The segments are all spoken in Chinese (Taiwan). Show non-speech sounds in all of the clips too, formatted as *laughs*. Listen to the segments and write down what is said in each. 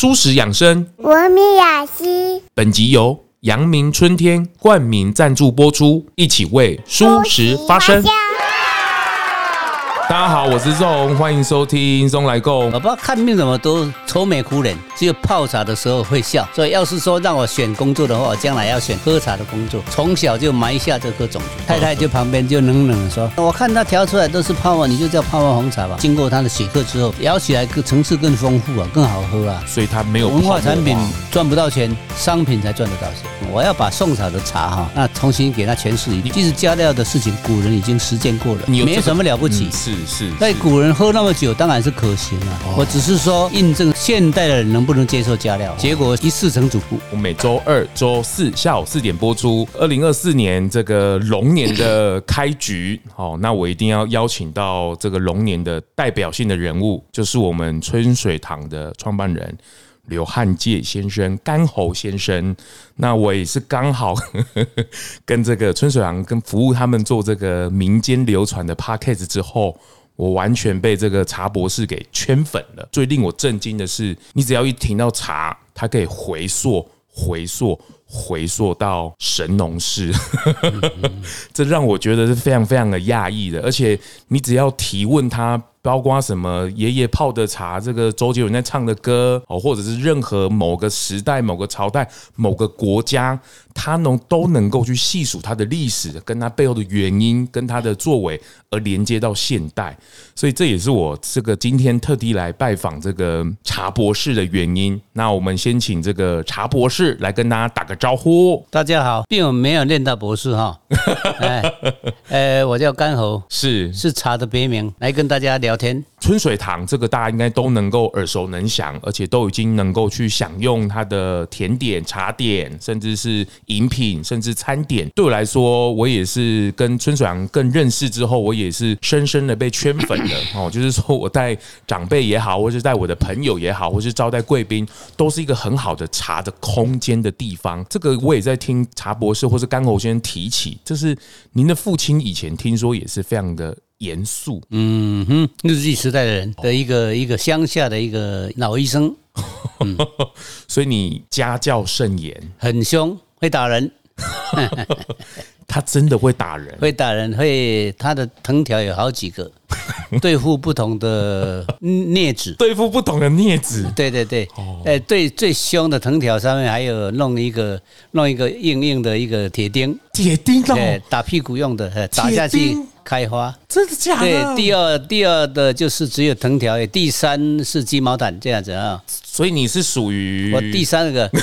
蔬食養生，文明雅集。本集由陽明春天冠名贊助播出，一起為蔬食發聲。大家好，我是 ZONG，歡迎收聽《ZONG 嚨來共》。我爸看病怎麼都愁眉苦臉，只有泡茶的時候會笑。所以要是說讓我選工作的話，我將來要選喝茶的工作。從小就埋下這顆種子。太太就旁邊就冷冷的說：“我看他調出來都是泡沫，你就叫泡沫紅茶吧。”經過他的洗刻之後，搖起來個層次更豐富啊，更好喝啊。所以他沒有泡文化產品賺不到錢，商品才賺得到錢。我要把宋朝的茶哈，那重新給他詮釋一遍。其實你加料的事情，古人已經實踐過了，你有、這個、沒有什麼了不起。嗯、是。在古人喝那麼久，當然是可行了、啊。哦、我只是說印證現代的人能不能接受加料，哦、結果一試成主顧。我每周二、周四下午四點播出，二零二四年這個龍年的開局。咳咳好，那我一定要邀請到這個龍年的代表性的人物，就是我們春水堂的創辦人。劉漢介先生、甘侯先生，那我也是剛好 *laughs* 跟這個春水堂、跟服務他們做這個民間流傳的 podcast 之後，我完全被這個茶博士給圈粉了。最令我震驚的是，你只要一停到茶，他可以回溯、回溯、回溯到神農氏， *laughs* 這讓我覺得是非常非常的訝異的。而且，你只要提問他。包括什麼爺爺泡的茶，這個周杰倫在唱的歌哦，或者是任何某個時代、某個朝代、某個國家，他能都能夠去細數他的歷史，跟他背後的原因，跟他的作為，而連接到現代。所以這也是我這個今天特地來拜訪這個茶博士的原因。那我們先請這個茶博士來跟大家打個招呼。大家好，並沒有唸到博士哈、哦。哎、 *laughs* 欸，我叫甘侯，是是茶的別名，來跟大家聊。聊天。春水堂，這個大家應該都能夠耳熟能詳，而且都已經能夠去享用它的甜點、茶點，甚至是飲品，甚至餐點。對我來說，我也是跟春水堂更認識之後，我也是深深的被圈粉了哦。就是說，我帶長輩也好，或是帶我的朋友也好，或是招待貴賓，都是一個很好的茶的空間的地方。這個我也在聽茶博士或是甘口先生提起，就是您的父親以前聽說也是非常的。嚴肅，嚴肅，嗯哼，日記時代的人的一個一個鄉下的一個老醫生，所以你家教甚嚴，很凶，會打人。他真的會打人，會打人，會他的藤條有好幾個，對付不同的鑷子，對付不同的鑷子，對對對，哎，最最凶的藤條上面還有弄一個弄一個硬硬的一個鐵釘，鐵釘哦，打屁股用的，打下去。開花真的假的？對，第二第二的就是只有藤條，第三是雞毛撣這樣子啊、哦。所以你是屬於我第三個， *laughs*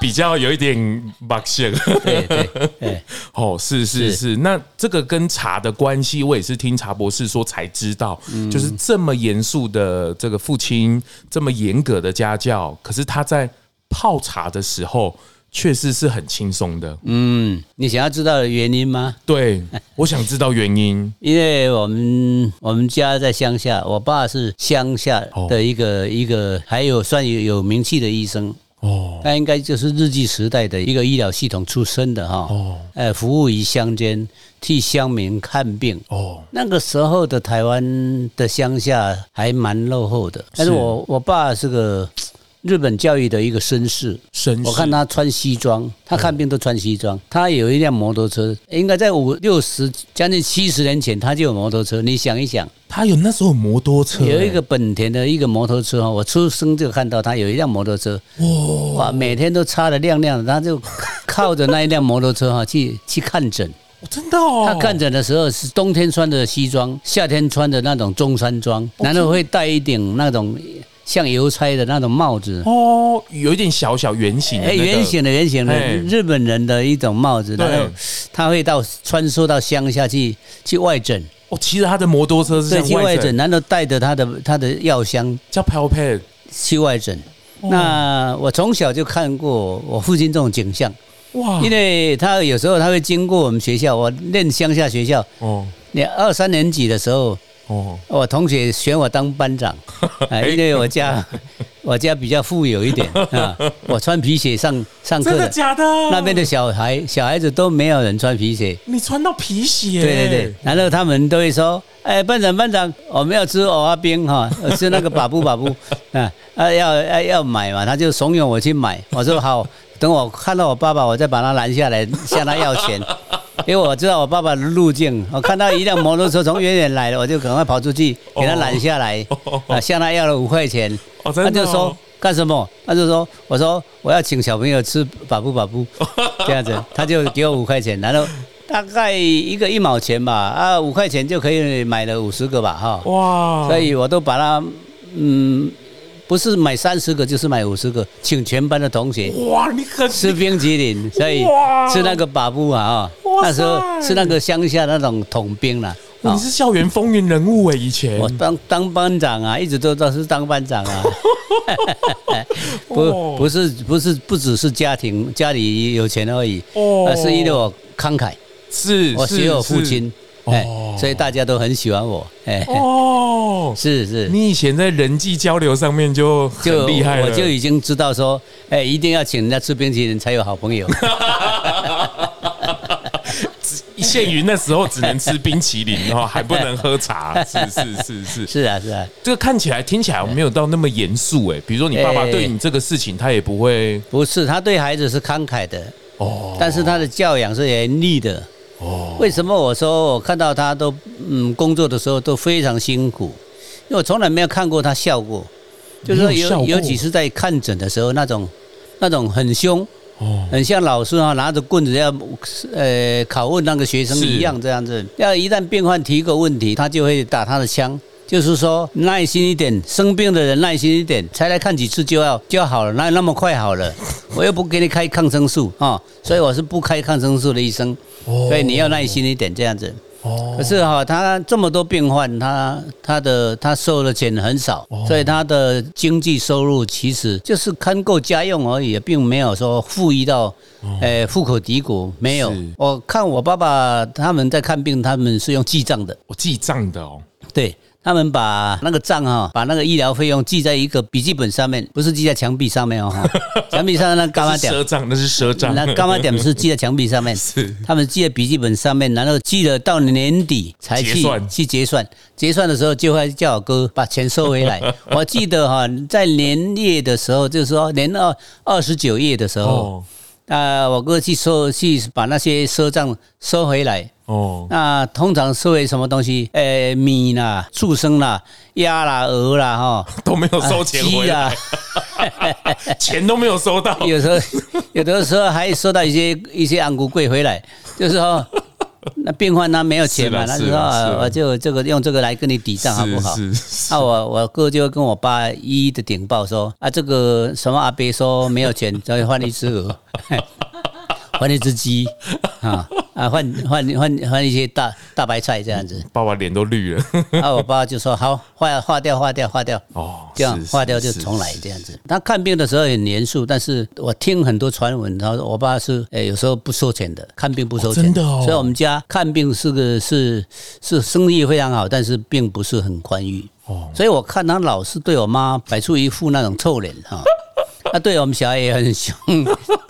比較有一點冒險。對對對，哦，是是是。是那這個跟茶的關係，我也是聽茶博士說才知道，嗯、就是這麼嚴肅的這個父親，這麼嚴格的家教，可是他在泡茶的時候。確實是很輕鬆的。嗯，你想要知道的原因嗎？對，我想知道原因。 *laughs* 因為我們我們家在鄉下，我爸是鄉下的一個、oh. 一個，還有算有有名氣的醫生。哦，那應該就是日據時代的一個醫療系統出身的哈。哦，哎，服務於鄉間，替鄉民看病。哦，oh. 那個時候的台灣的鄉下還蠻落後的，但是我是我爸是個。日本教育的一個紳士，紳士，我看他穿西裝，他看病都穿西裝。他有一輛摩托車，應該在五六十，將近七十年前，他就有摩托車。你想一想，他有那時候摩托車。有一個本田的一個摩托車哈，我出生就看到他有一輛摩托車。哇，每天都擦得亮亮的，他就靠着那一輛摩托車哈去去看診。真的哦。他看診的時候是冬天穿的西裝，夏天穿的那種中山裝，然後會戴一頂那種像郵差的那種帽子哦，有一點小小圓形的，圓形的圓形的，日本人的一種帽子。對，他會到穿梭到鄉下去去外診。我騎着他的摩托車是去外診，然後帶着他的他的藥箱叫 Pilip 去外診。那我從小就看過我父親這種景象，哇，因為他有時候他會經過我們學校，我念鄉下學校哦，念二三年級的時候。哦，oh. 我同學選我當班長，因為我家我家比較富有一點啊，我穿皮鞋上上課的。真的假的？那邊的小孩小孩子都沒有人穿皮鞋，你穿到皮鞋？對對對，然後他們都會說，哎、欸，班長班長，我沒有吃我阿兵，哈，吃那個粑布粑布啊，要要要買嘛，他就慫恿我去買，我說好，等我看到我爸爸，我再把他攔下來向他要錢。 *laughs* 因為我知道我爸爸的路徑，我看到一輛摩托車從遠遠來了，我就趕快跑出去給他攔下來，啊，向他要了五塊錢。哦哦、他就說幹什麼？他就說，我說我要請小朋友吃把布把布，這樣子，他就給我五塊錢，然後大概一個一毛錢吧，啊，五塊錢就可以買了五十個吧，哈。哇！所以我都把它，嗯。不是買三十個就是買五十個，請全班的同學吃冰淇淋，哇所以吃那個粑布啊，塞那時候吃那個鄉下那種桶冰啊，你是校園風雲人物哎、欸，以前我當當班長啊，一直都都是當班長啊。 *laughs* *laughs* 不不是不是不只是家庭家裡有錢而已，哦、是因為我慷慨，是我學我父親。哎、oh. 欸，所以大家都很喜歡我。哎、欸，哦、oh.，是是，你以前在人際交流上面就很厲害了，我就已經知道說，哎、欸，一定要請人家吃冰淇淋才有好朋友。 *laughs* *laughs* 限於那時候只能吃冰淇淋，哈， *laughs* 還不能喝茶。是是是是，是啊是，是，是啊。這個、啊、看起來聽起來沒有到那麼嚴肅，哎，比如說你爸爸對你這個事情，欸、他也不會。不是，他對孩子是慷慨的。哦。Oh. 但是他的教養是嚴厲的。為什麼我說我看到他都嗯工作的時候都非常辛苦，因為我從來沒有看過他笑過，就是有、有尤其是在看診的時候那種，那種很兇，哦，很像老師啊拿着棍子要，呃拷問那個學生一樣這樣子，是要一旦病患提一個問題，他就會打他的槍。就是說耐心一點，生病的人耐心一點，才來看幾次就要就要好了，哪有那麼快好了？我又不給你開抗生素哈，所以我是不開抗生素的醫生，所以你要耐心一點這樣子。哦，可是哈，他這麼多病患，他他的他收的錢很少，所以他的經濟收入其實就是看夠家用而已，並沒有說富裕到，哎，富可敵國。沒有，我看我爸爸他們在看病，他們是用記賬的，我記賬的哦，對。他們把那個賬哈，把那個醫療費用記在一個筆記本上面，不是記在牆壁上面哦。牆 *laughs* 壁上的那個幹嘛點？賒賬 *laughs* 那是賒賬。那幹嘛點是記在牆壁上面？是他們記在筆記本上面，然後記得到年底才去結,算去結算。結算的時候就會叫我哥把錢收回來。 *laughs* 我記得哈，在年夜的時候，就是說年二二十九夜的時候。哦啊，我哥去收去把那些賒賬收回來。哦、oh. 啊，那通常收回什麼東西？呃、欸，米啦、畜生啦、鴨啦、鵝啦，哈，都沒有收錢回、啊、 *laughs* 錢都沒有收到。有時候，有的時候還收到一些 *laughs* 一些紅龜粿回來，就是說、哦。 *laughs* 那病患他、啊、沒有錢嘛、啊，那時候我就這個用這個來跟你抵賬好不好？啊，我我哥就跟我爸一一的稟報說啊，這個什麼阿伯說沒有錢，再換 *laughs* 一只鵝。 *laughs* *laughs* 換一隻雞啊啊！換換換換一些大大白菜這樣子，爸爸臉都綠了。那、啊、我爸就說：“好，劃劃掉，劃掉，劃掉哦，這樣劃掉就重來這樣子。”他看病的時候很嚴肅，但是我聽很多傳聞，然後說我爸是誒、欸，有時候不收錢的，看病不收錢、哦哦、所以我們家看病是個是是生意非常好，但是並不是很寬裕、哦、所以我看他老是對我媽擺出一副那種臭臉哈。哦他、啊、對我們小孩也很兇，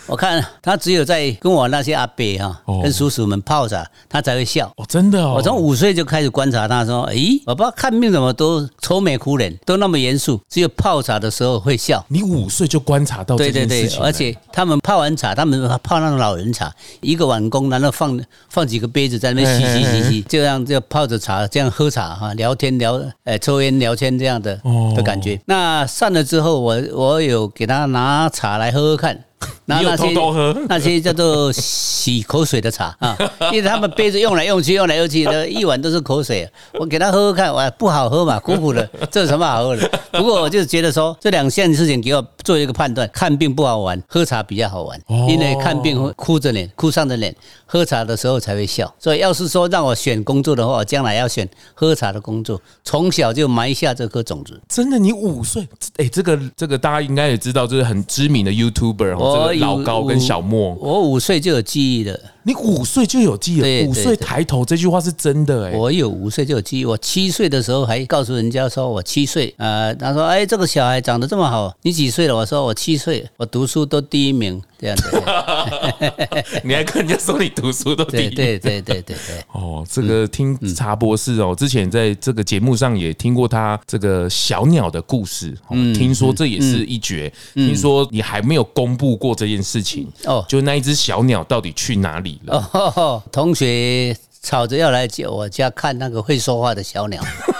我看他只有在跟我那些阿伯哈、啊、跟叔叔們泡茶，他才會笑。哦，真的，我從五歲就開始觀察他，說，咦，我爸看病怎麼都愁眉苦臉，都那麼嚴肅，只有泡茶的時候會笑。你五歲就觀察到這？對對對。而且他們泡完茶，他們泡那個老人茶，一個碗公，然後放放幾個杯子在那邊，吸吸吸吸，這樣就泡着茶，這樣喝茶哈，聊天聊，抽煙聊天這樣的的感覺。那散了之後，我我有給他。拿茶來喝喝看。偷偷然後那些那些，叫做洗口水的茶啊，因為他們杯子，用來用去，用來用去，的，一碗都是口水。我給他喝喝看，哇，不好喝嘛，苦苦的，這有什麼好喝的？不過我就覺得說，這兩件事情給我做一個判斷：看病不好玩，喝茶比較好玩。哦、因為看病會哭着臉，哭喪着臉；喝茶的時候才會笑。所以要是說讓我選工作的話，我將來要選喝茶的工作。從小就埋下這顆種子。真的，你五歲哎、欸，這個這個大家應該也知道，這、就是很知名的 YouTuber。這個老高跟小莫我，我五歲就有記憶了。你五歲就有記憶，五歲抬頭這句話是真的哎、欸。我有五歲就有記憶，我七歲的時候還告訴人家說我七歲。呃，他說：“哎，這個小孩長得這麼好，你幾歲了？”我說：“我七歲，我讀書都第一名。”這樣子， *laughs* *laughs* 你還跟人家說你讀書都第一？ *laughs* 對對對對對對。 *laughs* 哦，這個聽茶博士哦，之前在這個節目上也聽過他這個小鳥的故事。嗯，聽說這也是一絕。聽說你還沒有公布過這件事情哦，就那一只小鳥到底去哪裡？哦，同學吵着要來接我家看那個會說話的小鳥，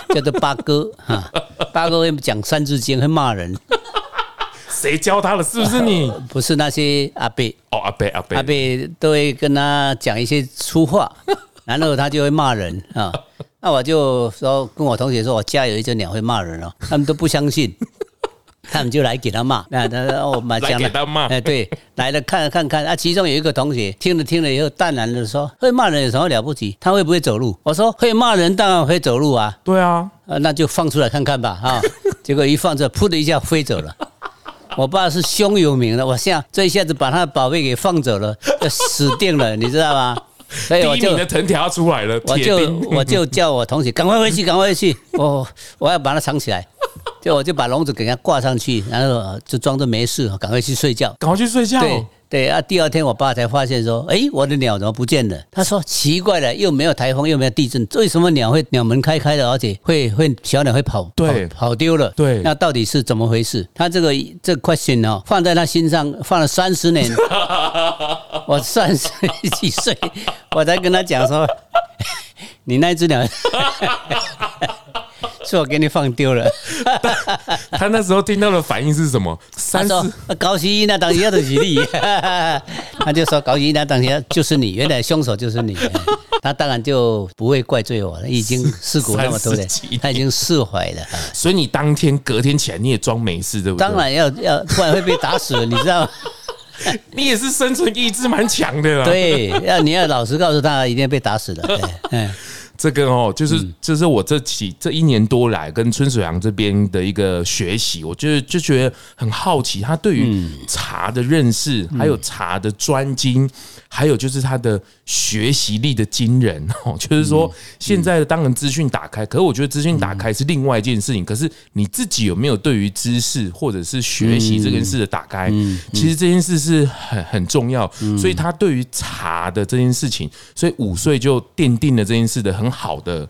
*laughs* 叫做八哥，啊，八哥會講三字經，會罵人。誰教他了？是不是你，哦？不是那些阿伯哦，阿伯阿伯都會跟他講一些粗話，然後他就會罵人啊。那我就說跟我同學說，我家有一隻鳥會罵人哦，他們都不相信。他們就來給他罵，那他我媽講了，哎，對，來看了看了，看看啊，其中有一個同學聽了聽了以後淡然的說：“會罵人有什麼了不起？他會不會走路？”我說：“會罵人當然會走路啊。”對啊，那就放出來看看吧啊！結果一放這，撲的一下飛走了。我爸是胸有名的，我嚇，這一下子把他的寶貝給放走了，就死定了，你知道嗎？所以我就，第一名的藤條出來了，我就我就叫我同學趕快回去，趕快回去，我我要把它藏起來。就我就把籠子給人家掛上去，然後就裝作沒事，趕快去睡覺，趕快去睡覺。對對啊，第二天我爸才發現說，哎、欸，我的鳥怎麼不見了？他說奇怪了，又沒有台風，又沒有地震，為什麼鳥會鳥門開開的，而且會會小鳥會跑對跑跑丟了？對，那到底是怎麼回事？他這個這個、question 哦，放在他心上放了三十年，我三十幾歲我才跟他講說，你那隻鳥。 *laughs* 是我給你放丟了。他那時候聽到的反應是什麼？ *laughs* 他說：“高希一，那當然的是你。 *laughs* ”他就說：“高希一，那當然就是你，原來凶手就是你。”他當然就不會怪罪我了，已經事故那麼多了，他已經釋懷了。所以你當天、隔天起來，你也裝沒事對不對？當然要要，不然會被打死你知道？ *laughs* 你也是生存意志蠻強的啦。對，要你要老實告訴他，一定被打死了。這個哦，就是這是我這幾，這一年多來跟春水堂這邊的一個學習，我就就覺得很好奇，他對於茶的認識，還有茶的專精，還有就是他的學習力的驚人哦，就是說現在的當然資訊打開，可是我覺得資訊打開是另外一件事情，可是你自己有沒有對於知識或者是學習這件事的打開，其實這件事是很很重要，所以他對於茶的這件事情，所以五歲就奠定了這件事的很很好的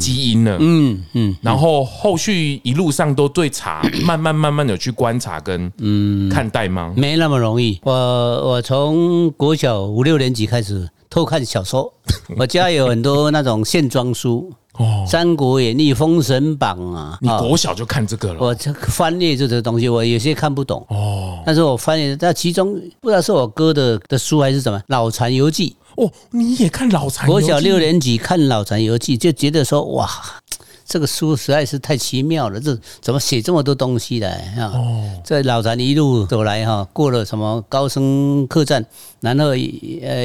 基因呢、嗯，嗯嗯，然後後續一路上都對茶、嗯、慢慢慢慢的去觀察跟嗯看待嗎、嗯？沒那麼容易。我我從國小五六年級開始偷看小說， *laughs* 我家有很多那種線裝書，哦，《三國演義》《封神榜》啊，你國小就看這個了？哦、我翻閱這個東西，我有些看不懂哦，但是我翻閱這其中不知道是我哥的的書還是什麼《老傳遊記》。哦，你也看老殘遊記？我小六年級看老殘遊記，就覺得說，哇。這個書實在是太奇妙了，這怎麼寫這麼多東西來？哈、哦，這老殘一路走來哈，過了什麼高升客棧，然後呃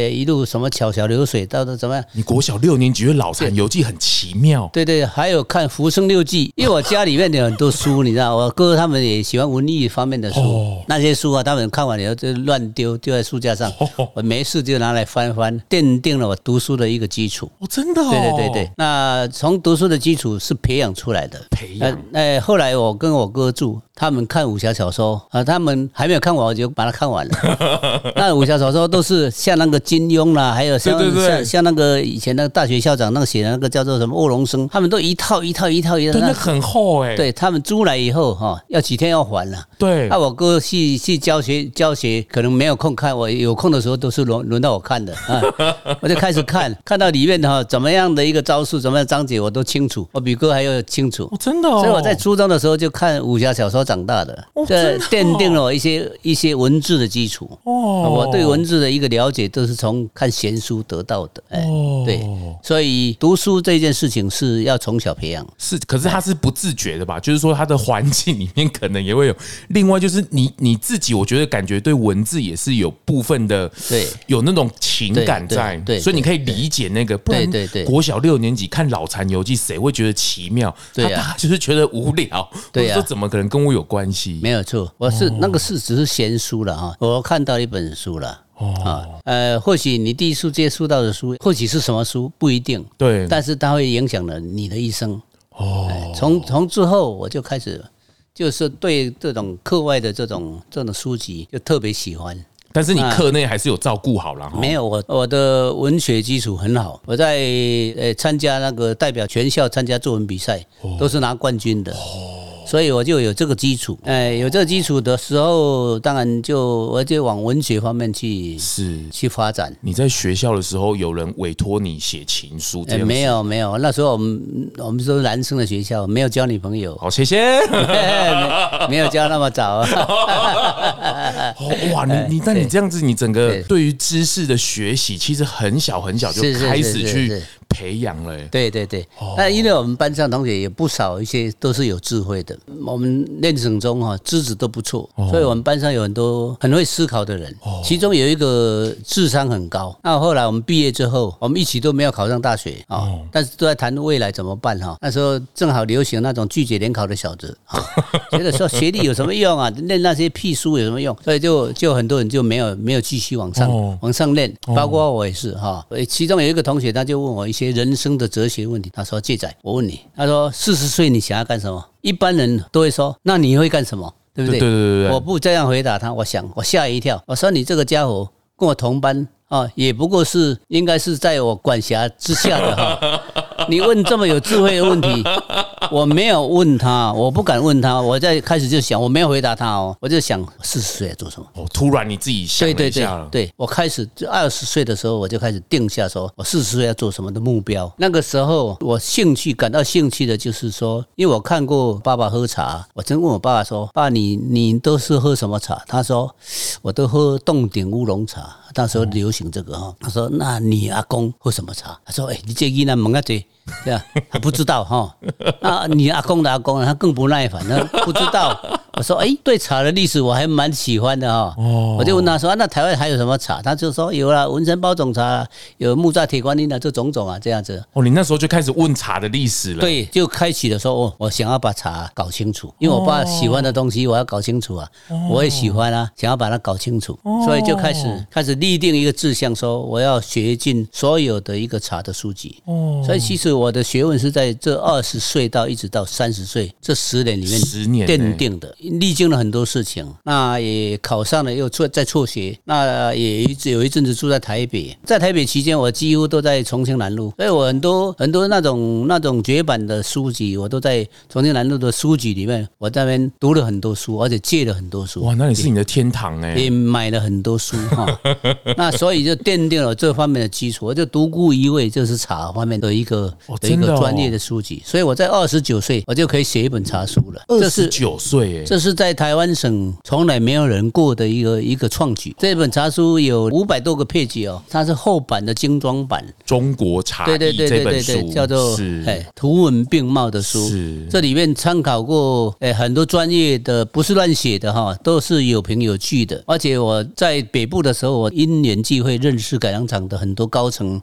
一路什麼小橋流水，到底怎麼樣？你國小六年級老殘對遊記很奇妙。對對，還有看《浮生六記》，因為我家裡面有很多書， *laughs* 你知道我哥他們也喜歡文藝方面的書，哦、那些書啊，他們看完以後就亂丟，丟在書架上。我沒事就拿來翻翻，奠定了我讀書的一個基礎。哦，真的、哦對。對對對對，那從讀書的基礎是。培養出來的，培養養。哎、啊欸，後來我跟我哥住，他們看武俠小說啊，他們還沒有看完，我就把它看完了。 *laughs* 那武俠小說都是像那個金庸啦、啊，還有像對對對，像像那個以前那個大學校長那個寫的那個叫做什麼臥龍生，他們都一套一套一套一套，那很厚哎、欸。對他們租來以後哈、啊，要幾天要還了、啊。對，那、啊、我哥去去教學教學，可能沒有空看，我有空的時候都是輪輪到我看的啊。 *laughs* 我就開始看，看到裡面的、啊、哈，怎麼樣的一個招數，怎麼樣的章節我都清楚。我比。歌還要清楚，真的。所以我在初中的時候就看武俠小說長大的，這奠定了我一些一些文字的基礎。哦，我對文字的一個了解都是從看閒書得到的。哎，對，所以讀書這件事情是要從小培養。是，可是他是不自覺的吧？就是說，他的環境裡面可能也會有。另外，就是你你自己，我覺得感覺對文字也是有部分的，對，有那種情感在。對，所以你可以理解那個。不然，對對對，國小六年級看《老殘遊記》，誰會覺得奇？奇妙，對，就是覺得無聊，我說、啊、怎麼可能跟我有關係、啊？沒有錯，我是、oh. 那個是只是閒書了哈。我看到一本書了，啊，oh. 呃，或許你第一次接觸到的書，或許是什麼書，不一定，對，但是它會影響了你的一生。哦、oh.，從從之後我就開始，就是對這種課外的這種這種書籍就特別喜歡。但是你課內還是有照顧好了、啊？沒有，我我的文學基礎很好，我在呃、欸、參加那個代表全校參加作文比賽，哦、都是拿冠軍的。哦所以我就有這個基礎，哎、欸，有這個基礎的時候，當然就我就往文學方面去，是去發展。你在學校的時候，有人委托你寫情書這樣子、欸。沒有，沒有。那時候我們我們說男生的學校，沒有交女朋友。好，謝謝。 *laughs* *laughs* 沒有交那麼早啊、 *laughs* *laughs* 哦。哇，你你那對你這樣子，你整個對於知識的學習，其實很小很小就開始去，是是是是是是。培養了、欸，對對對，那因為我們班上同學也不少，一些都是有智慧的。我們念省中哈，資質都不錯，所以我們班上有很多很會思考的人。其中有一個智商很高，那後來我們畢業之後，我們一起都沒有考上大學哦。但是都在談未來怎麼辦哈？那時候正好流行那種拒絕聯考的小子，覺得說學歷有什麼用啊？念那些屁書有什麼用？所以就就很多人就沒有沒有繼續往上往上念，包括我也是哈。其中有一個同學他就問我一些。人生的哲學問題，他說記載，我問你，他說四十歲你想要幹什麼？一般人都會說，那你會幹什麼？對不對？對，對。我不這樣回答他，我想，我嚇一跳，我說你這個家伙跟我同班。啊，也不過是應該是在我管轄之下的哈。你問這麼有智慧的問題，我沒有問他，我不敢問他。我在開始就想，我沒有回答他哦，我就想四十歲要做什麼？哦，突然你自己想對，對，對，對，我開始就二十歲的時候，我就開始定下說我四十歲要做什麼的目標。那個時候我興趣感到興趣的就是說，因為我看過爸爸喝茶，我曾問我爸爸說：“爸，你你都是喝什麼茶？”他說：“我都喝凍頂烏龍茶。”那時候流行。這個哈、哦，他說：“那你阿公喝什麼茶？”他說：“哎，你這囡仔問啊這。”對啊， *laughs* 這樣他不知道哈。那你阿公的阿公，他更不耐煩，他不知道。我說，哎，對茶的歷史我還蠻喜歡的哈。哦，我就問他說、啊，那台灣還有什麼茶？他就說，有啦，文山包種茶，有木柵鐵觀音的，這種種啊這樣子。哦，你那時候就開始問茶的歷史了。對，就開始說哦，我想要把茶搞清楚，因為我爸喜歡的東西我要搞清楚啊。我也喜歡啊，想要把它搞清楚，所以就開始開始立定一個志向，說我要學盡所有的一個茶的書籍。哦，所以其實。我的學問是在這二十歲到一直到三十歲這十年裡面奠定的，歷經了很多事情。那也考上了，又輟在輟學，那也一直有一陣子住在台北。在台北期間，我幾乎都在重慶南路，所以我很多很多那種那種絕版的書籍，我都在重慶南路的書籍裡面。我在那邊讀了很多書，而且借了很多書。哇，那也是你的天堂哎！也,也買了很多書哈。 *laughs* 那所以就奠定了這方面的基礎，我就獨孤一味，就是茶方面的一個。的一個專業的書籍的、哦，所以我在二十九歲，我就可以寫一本茶書了。二十九歲，這是在台灣省從來沒有人過的一個一個創舉。這本茶書有五百多個配圖哦，它是厚版的精裝版。中國茶對對對對對，對，本叫做圖文並茂的書。這裡面參考過誒很多專業的，不是亂寫的哈，都是有憑有據的。而且我在北部的時候，我因緣際會認識改良場的很多高層，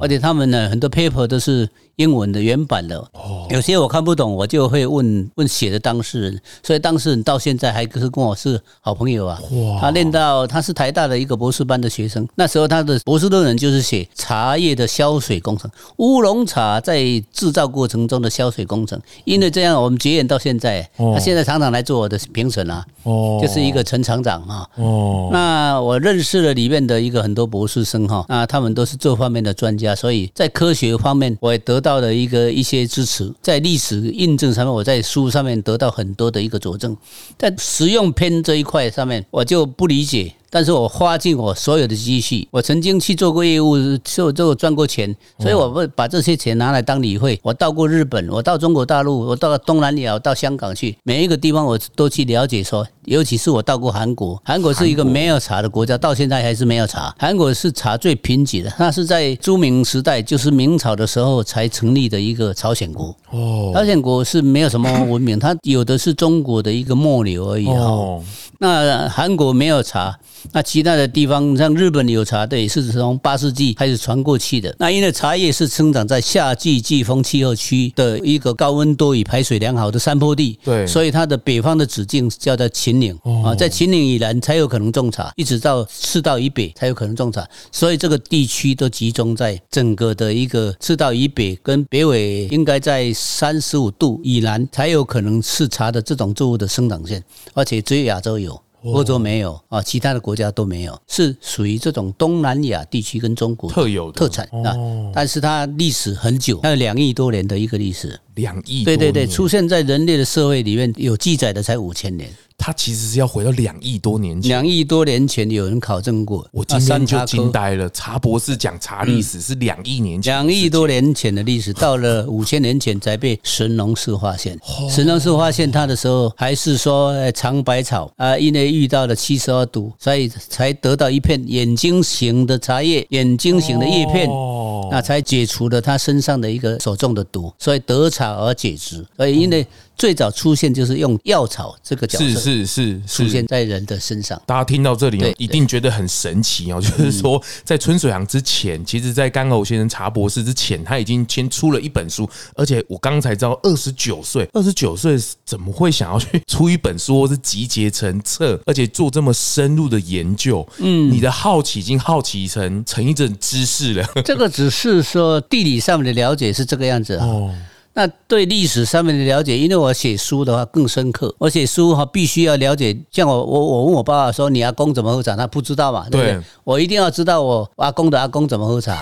而且他們呢，很多 paper 都是。英文的原版的，有些我看不懂，我就會問問寫的當事人，所以當事人到現在還是跟我是好朋友啊。他念到他是台大的一個博士班的學生，那時候他的博士論文就是寫茶葉的消水工程，烏龍茶在製造過程中的消水工程。因為這樣，我們結緣到現在。他現在常常來做我的評審啊。哦。就是一個陳廠長啊。哦。那我認識了裡面的一個很多博士生哈，那他們都是這方面的專家，所以在科學方面我也得。到的一個一些支持，在歷史印證上面，我在書上面得到很多的一個佐證，在實用篇這一塊上面，我就不理解。但是我花盡我所有的積蓄，我曾經去做過業務，就就賺過錢，所以我會把這些錢拿來當理會。我到過日本，我到中國大陸，我到東南亞，我到香港去，每一個地方我都去了解。說，尤其是我到過韓國，韓國是一個沒有茶的國家，到現在還是沒有茶。韓國是茶最貧瘠的，那是在朱明時代，就是明朝的時候才成立的一個朝鮮國。哦，朝鮮國是沒有什麼文明，它有的是中國的一個末流而已哦，那韓國沒有茶。那其他的地方，像日本有茶，對，是從八世紀開始傳過去的。那因為茶葉是生長在夏季季風氣候區的一個高溫多雨、排水良好的山坡地，對，所以它的北方的直徑叫做秦嶺啊，在秦嶺以南才有可能種茶，一直到赤道以北才有可能種茶，所以這個地區都集中在整個的一個赤道以北跟北緯應該在三十五度以南才有可能是茶的這種作物的生長線，而且只有亞洲有。歐洲沒有啊，其他的國家都沒有，是屬於這種東南亞地區跟中國特、特有的特產啊。但是它歷史很久，它有兩億多年的一個歷史。兩億，對對對，出現在人類的社會裡面有記載的才五千年，他其實是要回到兩億多年前。兩億多年前有人考證過，我今天就驚呆了。茶博士講茶歷史是兩億年前，嗯、兩億多年前的歷史到了五千年前才被神農氏發現。哦、神農氏發現它的時候，還是說嘗百草啊，因為遇到了七十二毒，所以才得到一片眼睛型的茶葉，眼睛型的葉片，哦、那才解除了他身上的一個所中的毒，所以得茶而解之，所以因為最早出現就是用藥草這個角色是是是出現在人的身上。身上大家聽到這裡對一定覺得很神奇哦、喔，對就是說在春水堂之前，嗯、其實在干歐先生茶博士之前，他已經先出了一本書。而且我剛才知道二十九歲，二十九歲怎麼會想要去出一本書，或是集結成冊，而且做這麼深入的研究？嗯，你的好奇已經好奇成成一種知識了。這個只是說地理上面的了解是這個樣子、喔、哦。那對歷史上面的了解，因為我寫書的話更深刻。我寫書哈，必須要了解。像我，我我問我爸爸說，你阿公怎麼喝茶？他不知道嘛，對不對？對 我一定要知道我阿公的阿公怎麼喝茶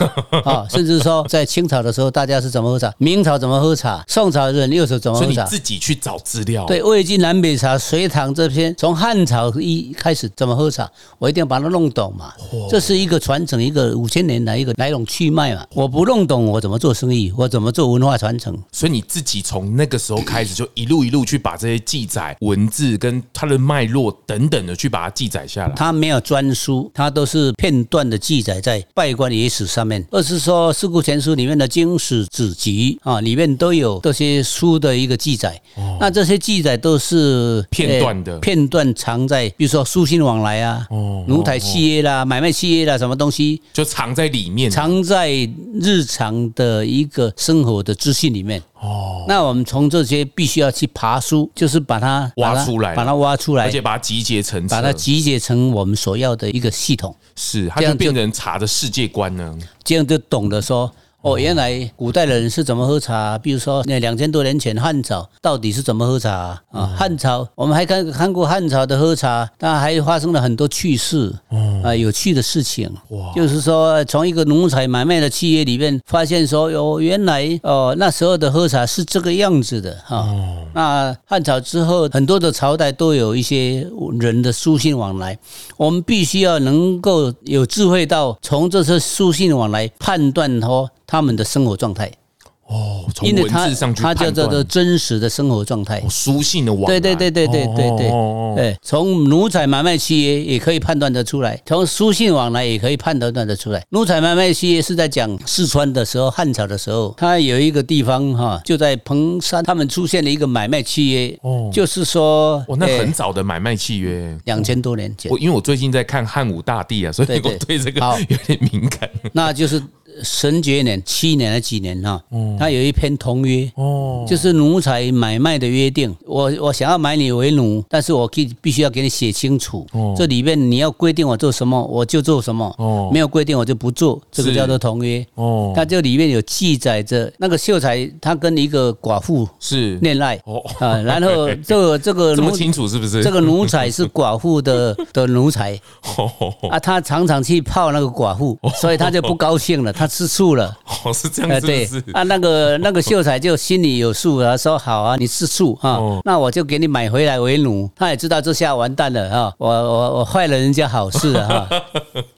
啊！ *laughs* 甚至說，在清朝的時候，大家是怎麼喝茶？明朝怎麼喝茶？宋朝人又是怎麼喝茶？所以你自己去找資料哦。對，魏晉南北朝、隋唐這篇，從漢朝一開始怎麼喝茶，我一定要把它弄懂嘛。這是一個傳承，一個五千年來一個來龍去脈嘛。我不弄懂，我怎麼做生意？我怎麼做文化傳承？所以你自己從那個時候開始，就一路一路去把這些記載文字跟它的脈絡等等的去把它記載下來。它沒有專書，它都是片段的記載在《稗官野史》上面，而是說《四庫全書》裡面的《經史子集》啊，裡面都有這些書的一個記載。哦、那這些記載都是片段的、欸，片段藏在，比如說書信往來啊、奴、哦哦、台契約啦、買賣契約啦，什麼東西就藏在裡面、啊，藏在日常的一個生活的資訊裡面。哦，oh. 那我們從這些必須要去爬梳，就是把它挖出來把，把它挖出來，而且把它集結成，把它集結成我們所要的一個系統。是，它就變成茶的世界觀呢。這樣就懂得說。哦，原來古代的人是怎麼喝茶啊？比如說那兩千多年前漢朝到底是怎麼喝茶啊？嗯、漢朝我們還看看過漢朝的喝茶，當然還發生了很多趣事、嗯、啊，有趣的事情。哇就是說從一個奴才買賣的契約裡面發現說，哦，原來哦那時候的喝茶是這個樣子的哈。哦嗯、那漢朝之後，很多的朝代都有一些人的書信往來，我們必須要能夠有智慧到從這些書信往來判斷說。他們的生活狀態哦，從文字上去，因為他，他叫做，做“真實的生活狀態”哦。書信的往來，對對對對對對對，從奴才買賣契約也可以判斷得出來，從書信往來也可以判斷得出來。奴才買賣契約是在講四川的時候，漢朝的時候，他有一個地方哈，就在彭山，他們出現了一個買賣契約。哦，哦，就是說，哦，哦，那很早的買賣契約，兩千、欸、多年前。我因為我最近在看漢武大帝啊，所以我對這個對對對有點敏感。那就是。神爵年七年還是幾年哈，他有一篇同約，嗯、就是奴才買賣的約定。我我想要買你為奴，但是我必必須要給你寫清楚，嗯、這裡面你要規定我做什麼，我就做什麼；嗯、沒有規定我就不做。這個叫做同約。嗯、它這裡面有記載着，那個秀才他跟一個寡婦是戀愛啊，哦、然後這這個這麼清楚是不是？這個奴才是寡婦的的奴才啊，他常常去泡那個寡婦，所以他就不高興了。他吃醋了，哦，是這樣子、呃，對，啊，那個那個秀才就心裡有數了，說好啊，你吃醋啊，哦哦、那我就給你買回來為奴。他也知道這下完蛋了啊、哦，我我我壞了人家好事 *laughs* 啊，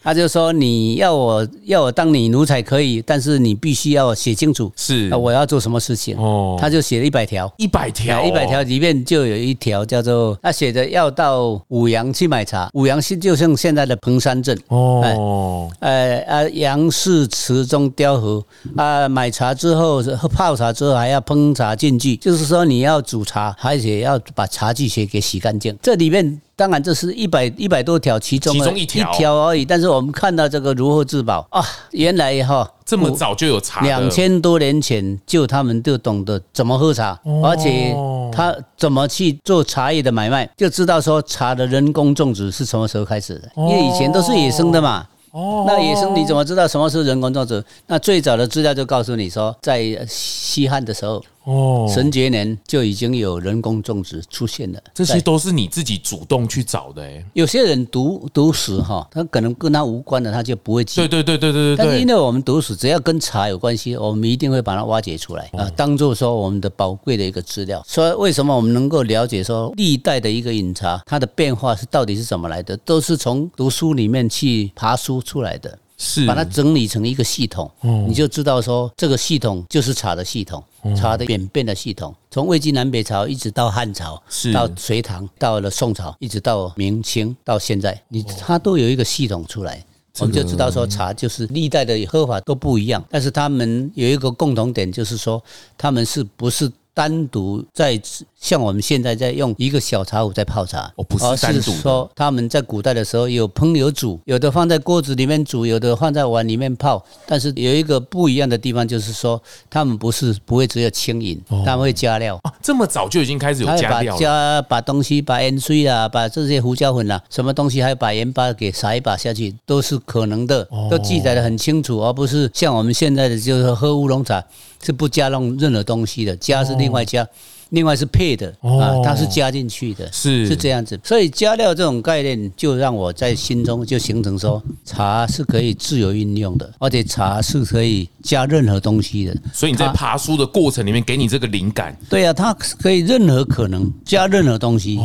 他就說你要我要我當你奴才可以，但是你必須要寫清楚是、啊、我要做什麼事情哦，他就寫了一百條，一百條、哦，一百、啊、條裡面就有一條叫做他、啊、寫著要到武陽去買茶，武陽是就像現在的彭山鎮哦，呃呃、啊、楊氏慈。中雕壺啊，買茶之後喝泡茶之後還要烹茶禁忌，就是說你要煮茶，而且要把茶具先給洗乾淨。這裡面當然這是一百一百多條，其中一條一條而已。但是我們看到這個如獲至寶啊，原來哈這麼早就有茶，兩千多年前就他們就懂得怎麼喝茶，而且他怎麼去做茶葉的買賣，就知道說茶的人工種植是什麼時候開始的，因為以前都是野生的嘛。哦，oh. 那野生你怎麼知道什麼是人工種植？那最早的資料就告訴你說，在西漢的時候。哦，神節年就已經有人工種植出現了，這些都是你自己主動去找的、欸。有些人讀讀史哈、哦，他可能跟他無關的，他就不會記。對,對對對對對對。但是因為我們讀史，只要跟茶有關係，我們一定會把它挖掘出來、哦、啊，當做說我們的寶貴的一個資料。所以為什麼我們能夠了解說歷代的一個飲茶它的變化是到底是怎麼來的，都是從讀書裡面去爬書出來的。是把它整理成一個系統，嗯、你就知道說這個系統就是茶的系統，嗯、茶的演變的系統，從魏晉南北朝一直到漢朝，是到隋唐，到了宋朝，一直到明清，到現在，你、哦、它都有一個系統出來，這個、我們就知道說茶就是歷代的喝法都不一樣，但是他們有一個共同點，就是說他們是不是？單獨在像我們現在在用一個小茶壺在泡茶，哦，而不是單獨是說他們在古代的時候有烹有煮，有的放在鍋子裡面煮，有的放在碗裡面泡。但是有一個不一樣的地方，就是說他們不是不會只有清飲，哦、他們會加料，啊。這麼早就已經開始有加料把加把東西，把煙 c 啊，把這些胡椒粉啊，什麼東西，還有把鹽巴給撒一把下去，都是可能的，哦、都記載的很清楚，而不是像我們現在的就是喝烏龍茶。是不加弄任何東西的，加是另外加，另外是配的啊，它是加進去的，是、哦、是這樣子，所以加料這種概念就讓我在心中就形成說，茶是可以自由運用的，而且茶是可以加任何東西的。所以你在爬梳的過程裡面給你這個靈感。對啊，它可以任何可能加任何東西，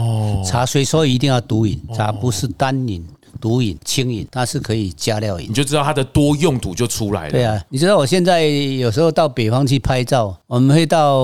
茶，所以說一定要獨飲，茶不是單飲。毒飲、清飲，它是可以加料飲，你就知道它的多用途就出來了。對啊，你知道我現在有時候到北方去拍照，我們會到，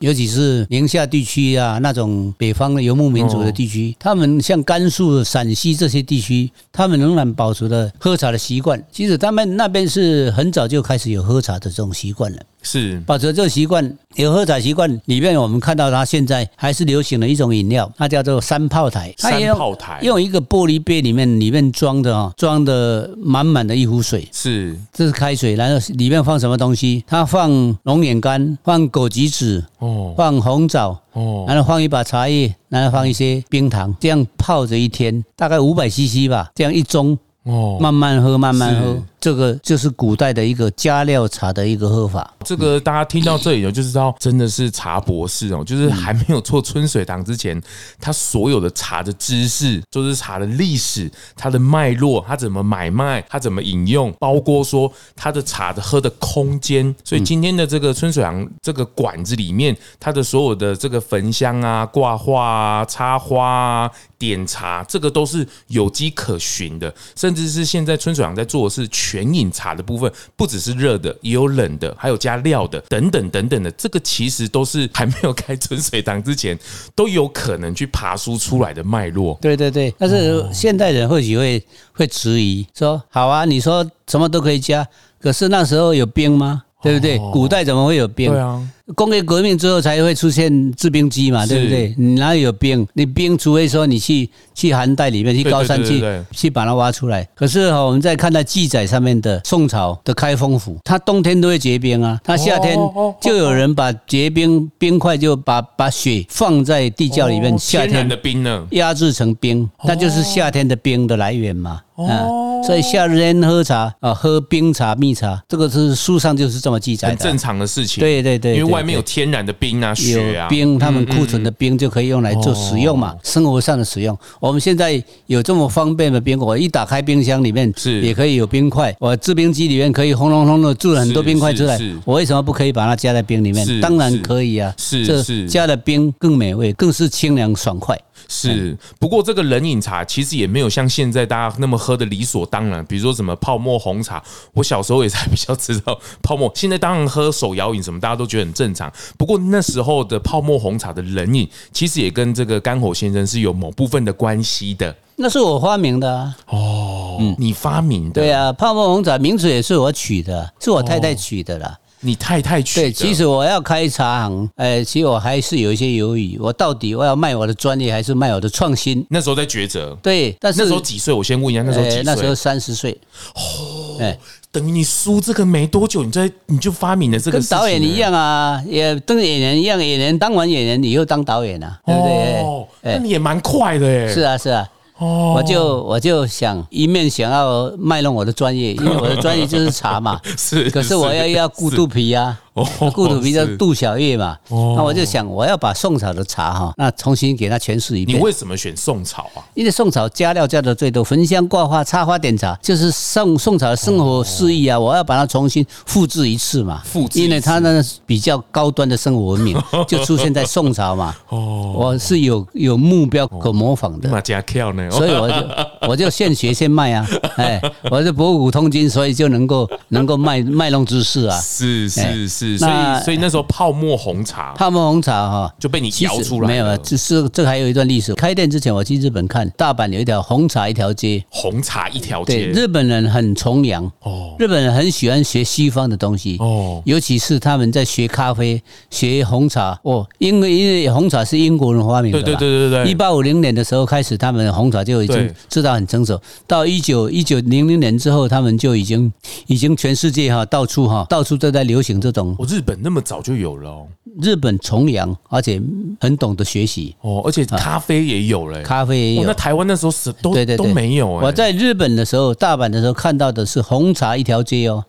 尤其是寧夏地區啊，那種北方的游牧民族的地區，他們像甘肅、陝西這些地區，他們仍然保持着喝茶的習慣。其實他們那邊是很早就開始有喝茶的這種習慣了。是，保持這個習慣，有喝茶習慣。裡面我們看到，它現在還是流行的一種飲料，它叫做三炮台。三炮台用一個玻璃杯裡面，裡面裝的啊，裝的滿滿的一壺水，是，這是開水。然後裡面放什麼東西？它放龍眼乾，放枸杞子，哦，放紅棗，哦，然後放一把茶葉，然後放一些冰糖，這樣泡着一天，大概五百 CC 吧。這樣一盅。哦，慢慢喝，慢慢喝，是耶 這個就是古代的一個加料茶的一個喝法。這個大家聽到這裡就知道真的是茶博士哦、喔。就是還沒有做春水堂之前，他所有的茶的知識，就是茶的歷史、它的脈絡、它怎麼買賣、它怎麼飲用，包括說它的茶的喝的空間。所以今天的這個春水堂這個館子裡面，它的所有的這個焚香啊、掛畫啊、插花啊、點茶，這個都是有跡可循的。甚至是現在春水堂在做的是全飲茶的部分，不只是熱的，也有冷的，還有加料的等等等等的。這個其實都是還沒有開春水堂之前都有可能去爬梳出來的脈絡。對對對，但是現代人或許會、哦、會質疑說：好啊，你說什麼都可以加，可是那時候有冰嗎？對不對？哦、古代怎麼會有冰？對啊。工業革命之後才會出現製冰機嘛，是 對不對？你哪裡有冰？你冰除非說你去去寒帶裡面，去高山去去把它挖出來。可是哈，我們在看在記載上面的宋朝的開封府，它冬天都會結冰啊。它夏天就有人把結冰冰塊就把把雪放在地窖裡面，夏天的冰呢，壓制成冰，冰那就是夏天的冰的來源嘛。哦、啊，所以夏天喝茶啊，喝冰茶、蜜茶，這個是書上就是這麼記載的、啊，很正常的事情。對對對，還沒有天然的冰啊，雪啊，冰，他們庫存的冰就可以用來做使用嘛，嗯嗯，生活上的使用。我們現在有這麼方便的冰，我一打開冰箱裡面是也可以有冰塊，我制冰機裡面可以轟隆轟隆的做了很多冰塊出來。是是是，我為什麼不可以把它加在冰裡面？是是當然可以啊，是是這加了冰更美味，更是清涼爽快。是，不過這個冷飲茶其實也沒有像現在大家那麼喝的理所當然。比如說什麼泡沫紅茶，我小時候也才比較知道泡沫。現在當然喝手搖飲什麼，大家都覺得很正常。不過那時候的泡沫紅茶的冷飲，其實也跟這個干火先生是有某部分的關係的。那是我發明的、啊、哦，嗯、你發明的對啊。泡沫紅茶名字也是我取的，是我太太取的啦。哦你太太去對，其實我要開茶行、欸，其實我還是有一些猶豫，我到底我要賣我的專利還是賣我的創新？那時候在抉擇。對，但是那時候幾歲？我先問一下，那時候幾歲、欸？那時候三十歲。哦，等於你輸這個沒多久，你在，你就發明了這個了。跟導演一樣啊，也跟演員一樣，演員當完演員，你又當導演了、啊，對不對？哦，那你也蠻快的、欸，哎、欸。是啊，是啊。我就我就想一面想要賣弄我的專業，因為我的專業就是茶嘛。 *laughs* 是，可是我要要顧肚皮呀、啊。Oh、故土名叫杜小月嘛，oh、那我就想我要把宋朝的茶哈，那重新給它詮釋一遍。你為什麼選宋朝啊？因為宋朝加料加的最多，焚香、掛畫插花、點茶，就是宋宋朝的生活四藝啊！我要把它重新複製一次嘛，複製，因為它呢比較高端的生活文明就出現在宋朝嘛。哦，我是有有目標可模仿的，所以我就我就現學現賣啊！哎，我是博古通今，所以就能夠能夠賣賣弄知識啊！Oh、是是是。是，所以那，所以那時候泡沫紅茶，泡沫紅茶哈就被你搖出來了。沒有，啊，只是這還有一段歷史。開店之前我去日本看，大阪有一條紅茶一條街，紅茶一條街。日本人很崇洋哦，日本人很喜歡學西方的東西哦，尤其是他們在學咖啡、學紅茶哦，因為因為紅茶是英國人發明的，對對對對對。一八五零年的時候開始，他們紅茶就已經製造很成熟。對到一九一九零零年之後，他們就已經已經全世界哈到處哈到處都在流行這種。我、哦、日本那麼早就有了？哦，日本崇洋，而且很懂得學習哦。而且咖啡也有了？欸，咖啡也有。哦、那台灣那時候是都對對，對都沒有、欸。我在日本的時候，大阪的時候看到的是紅茶一條街哦，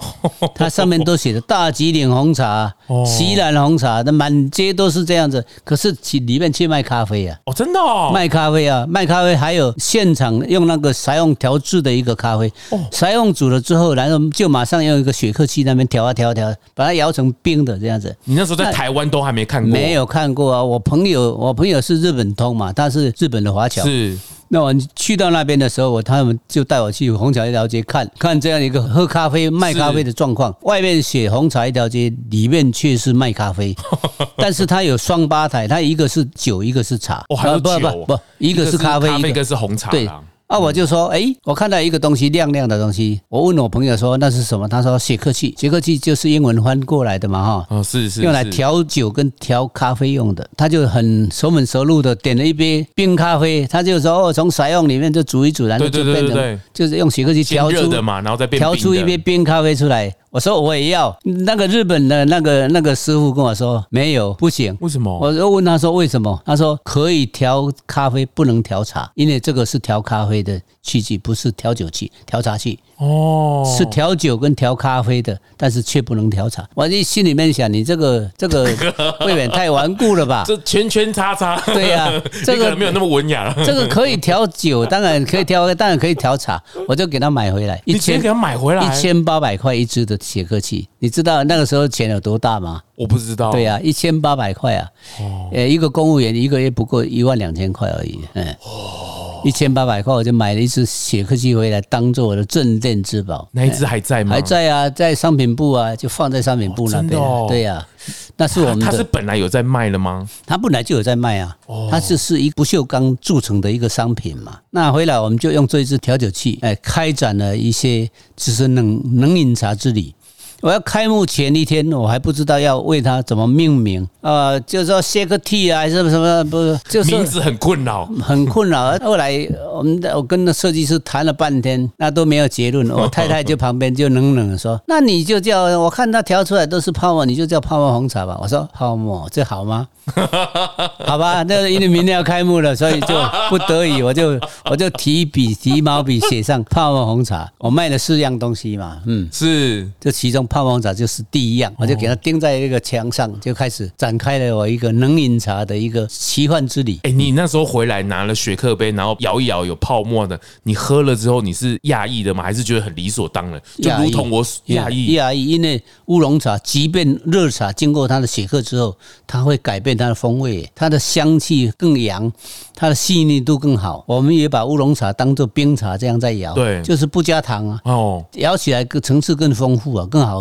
它上面都寫着大吉嶺紅茶、哦、錫蘭紅茶，那滿街都是這樣子。可是裡面去賣咖啡啊！哦，真的、哦、賣咖啡啊，賣咖啡，還有現場用那個採用調制的一個咖啡，採、哦、用煮了之後，然後就馬上用一個雪克器那邊調啊調調啊，把它搖成冰的這樣子，你那時候在台灣都還沒看過，沒有看過啊。我朋友，我朋友是日本通嘛，他是日本的華僑。是，那我去到那邊的時候，我他們就帶我去紅茶一條街看看這樣一個喝咖啡、賣咖啡的狀況。是外面寫紅茶一條街，裡面卻是賣咖啡， *laughs* 但是他有雙吧台，他一個是酒，一個是茶，哦，還有酒不不，啊，不，不不不，一個是咖啡，一個是紅茶，對。啊，我就說，誒、欸，我看到一個東西亮亮的東西，我問我朋友說那是什麼？他說雪克器，雪克器就是英文翻過來的嘛，哈、哦，是是，用來調酒跟調咖啡用的。他就很熟門熟路的點了一杯冰咖啡，他就說哦，從甩用裡面就煮一煮，然後就變成，就是用雪克器調出熱的嘛，然後再變調出一杯冰咖啡出來。我說，我也要那個。日本的那個那個師傅跟我說，沒有，不行。為什麼？我就問他說，為什麼？他說可以調咖啡，不能調茶，因為這個是調咖啡的。器具不是調酒器、調茶器哦，oh. 是調酒跟調咖啡的，但是卻不能調茶。我就心裡面想，你這個這個未免太頑固了吧？ *laughs* 這圈圈叉叉,叉，對呀、啊，這個沒有那麼文雅。這個可以調酒，當然可以調，當然可以調茶。我就給他買回來，一千給他買回來，一千八百塊一支的雪克器。你知道那個時候錢有多大嗎？我不知道。對呀，一千八百塊啊。哦。一個公務員一個月不過一萬兩千塊而已。哦。一千八百塊，我就買了一隻雪克機回來，當做我的鎮店之寶。那一隻還在嗎？還在啊，在商品部啊，就放在商品部那邊、啊。哦哦、對呀、啊，那是我們的、啊、它是本來有在賣的嗎？它本來就有在賣啊。它是是一不鏽鋼鑄成的一個商品嘛？那回來我們就用這一隻調酒器，哎、欸，開展了一些就是冷冷飲茶之旅。我要開幕前一天，我還不知道要為他怎麼命名，呃，就是說“歇個 T 啊，還是什麼？不是，就是名字很困擾，很困擾。後來我們我跟那設計師談了半天，那都沒有結論。我太太就旁邊就冷冷的說：“ *laughs* 那你就叫我看他調出來都是泡沫，你就叫泡沫紅茶吧。”我說：“泡沫這好嗎？” *laughs* 好吧，那因為明天要開幕了，所以就不得已，我就我就提筆提毛筆寫上“泡沫紅茶”。我賣了四樣東西嘛，嗯，是這其中。泡沫茶就是第一樣，我就給它釘在那個牆上，就開始展開了我一個能飲茶的一個奇幻之旅。哎，你那時候回來拿了雪克杯，然後搖一搖有泡沫的，你喝了之後你是訝異的嗎？還是覺得很理所當然？就如同我訝異。訝異，因為烏龍茶即便熱茶經過它的雪克之後，它會改變它的風味，它的香氣更揚，它的細膩度更好。我們也把烏龍茶當做冰茶這樣在搖，對，就是不加糖啊，哦，搖起來層次更豐富啊，更好。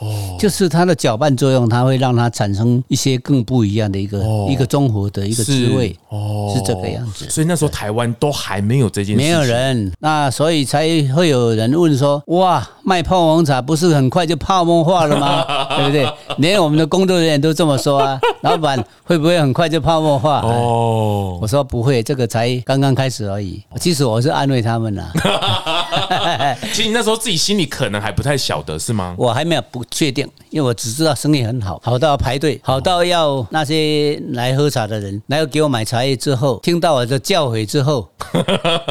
哦，oh. 就是它的攪拌作用，它會讓它產生一些更不一樣的一個一個綜合的一個滋味，oh.，哦、oh.，是這個樣子。所以那時候台灣都還沒有這件事，沒有人，那所以才會有人問說，哇，賣泡紅茶不是很快就泡沫化了嗎？ *laughs* 對不對？連我們的工作人員都這麼說啊，老板會不會很快就泡沫化？哦、oh.，我說不會，這個才剛剛開始而已。其實我是安慰他們啦。 *laughs* *laughs* 其實你那時候自己心裡可能還不太曉得，是嗎？我還沒有不。確定，因為我只知道生意很好，好到排隊，好到要那些來喝茶的人來又給我買茶葉之後，聽到我的教誨之後，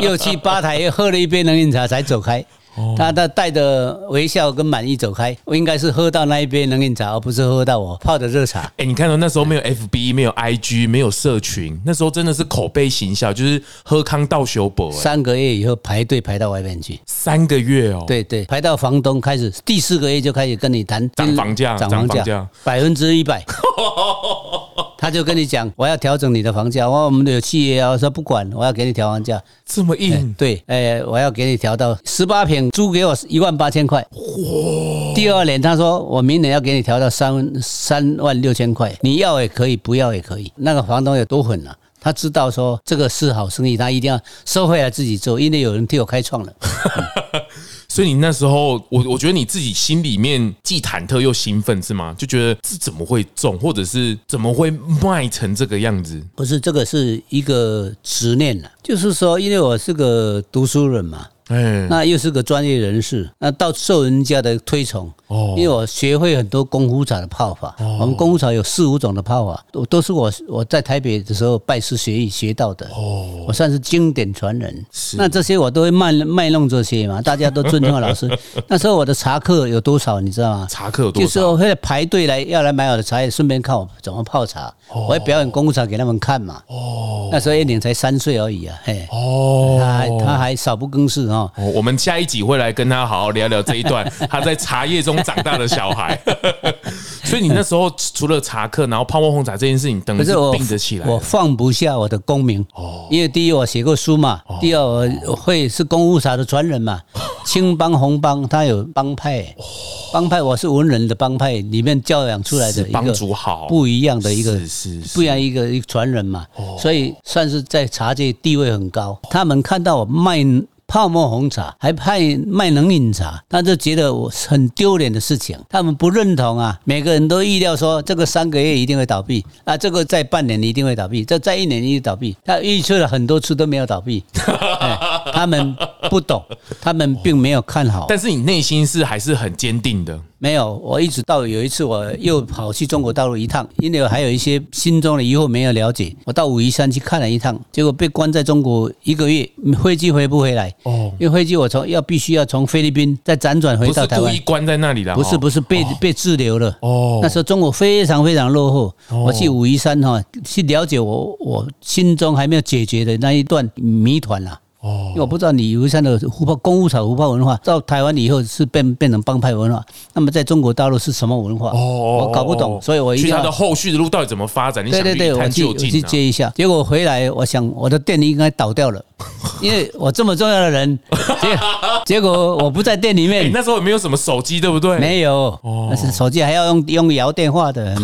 又去吧台又喝了一杯冷飲茶才走開。哦、他他帶着微笑跟滿意走開，我應該是喝到那一杯冷飲茶，而不是喝到我泡的熱茶。哎、欸，你看到那時候沒有 F B，沒有 I G，沒有社群，那時候真的是口碑行銷，就是喝康到修博、欸。三個月以後排隊排到外面去，三個月哦對，對對，排到房東開始，第四個月就開始跟你談漲房價，漲房價百分之一百。 *laughs* 他就跟你講，我要調整你的房價。我我們有企業啊，我說不管，我要給你調房價，這麼硬、哎。對，哎，我要給你調到十八平，租給我一萬八千塊。哇！第二年他說，我明年要給你調到三三萬六千塊，你要也可以，不要也可以。那個房東有多狠啊？他知道說這個是好生意，他一定要收回來自己做，因為有人替我開創了。 *laughs* 嗯所以你那時候，我我覺得你自己心裡面既忐忑又興奮，是嗎？就覺得這怎麼會中或者是怎麼會賣成這個樣子？不是，這個是一個執念了，就是說，因為我是個讀書人嘛。哎，那又是個專業人士，那到受人家的推崇哦。因為我學會很多功夫茶的泡法，我們功夫茶有四五種的泡法，都都是我我在台北的時候拜師學藝學到的哦。我算是經典傳人，那這些我都會賣賣弄這些嘛，大家都尊重老師。那時候我的茶客有多少，你知道嗎？茶客有多少？就是我會排隊來要來買我的茶葉，順便看我怎麼泡茶，我會表演功夫茶給他們看嘛。哦，那時候一年才三歲而已啊，嘿，哦，他他還少不更事啊。哦、我們下一集會來跟他好好聊聊這一段，他在茶葉中長大的小孩， *laughs* 所以你那時候除了茶課，然後泡沫紅茶這件事情，等於是頂得起來，我，我放不下我的功名。哦、因為第一我寫過書嘛，哦、第二我會是功夫茶的傳人嘛，哦、青幫紅幫他有幫派，幫、哦、派我是文人的幫派裡面教養出來的，幫主好不一樣的一個，是是是不一樣一個傳人嘛。哦、所以算是在茶界地位很高，哦、他們看到我賣。泡沫紅茶還派賣賣冷飲茶，他就覺得我很丟臉的事情，他們不認同啊。每個人都預料說這個三個月一定會倒閉，啊，這個再半年一定會倒閉，這再一年你一定倒閉。他預測了很多次都沒有倒閉、 *laughs* 哎，他們不懂，他們並沒有看好。但是你內心是還是很堅定的？沒有，我一直到有一次我又跑去中國大陸一趟，因為我還有一些心中的疑惑沒有了解。我到武夷山去看了一趟，結果被關在中國一個月，飛機回不回來？Oh. 因為飛機我從要必須要從菲律賓再輾轉回到台灣。不是故意關在那裡的，不是不是被，oh. 被滯留了。Oh. 那時候中國非常非常落後。我去武夷山哈，去了解我我心中還沒有解決的那一段謎團了。哦，oh、因為我不知道你山的壺泡功夫茶壺泡文化到台灣以後是變變成幫派文化，那麼在中國大陸是什麼文化？哦，我搞不懂，所以我一定要對對對，去他的後續的路到底怎麼發展？你想去一探究、啊、接一下，結果回來，我想我的店裡應該倒掉了，因為我這麼重要的人，結果我不在店裡面。那時候也沒有什麼手機，對不對？沒有，但是手機還要用用搖電話的。 *laughs*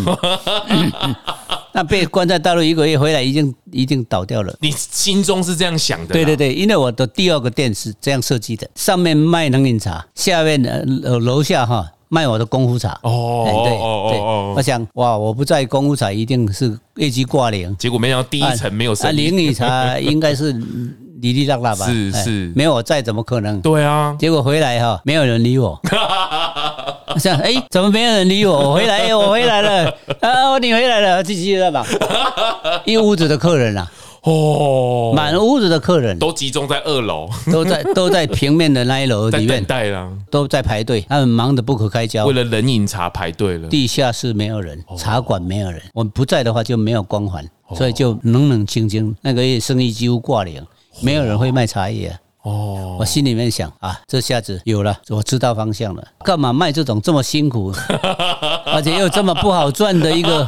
*laughs* 那被關在大陸一個月回來，已經已經倒掉了。你心中是這樣想的？對對對，因為我的第二個店是這樣設計的，上面賣冷飲茶，下面呃樓下哈賣我的功夫茶。哦、欸、對哦，我想哇，我不在意功夫茶一定是業績掛零，結果沒想到第一層沒有生意，那冷飲茶應該是。 *laughs* 哩哩啦啦吧，是是，沒有我在怎麼可能？對啊，結果回來哈，沒有人理我。我想哎，怎麼沒有人理我？我回來我回來了啊，我你回來了，繼吧哈哈哈一屋子的客人啦，哦，滿屋子的客人都集中在二樓，都在都在平面的那一樓裡面都在排隊，他們忙得不可開交，為了冷飲茶排隊了。地下室沒有人，茶館沒有人，我們不在的話就沒有光環，所以就冷冷清清，那個月生意幾乎掛零。沒有人會賣茶葉哦、啊，我心裡面想啊，這下子有了，我知道方向了。幹嘛賣這種這麼辛苦，而且又這麼不好賺的一個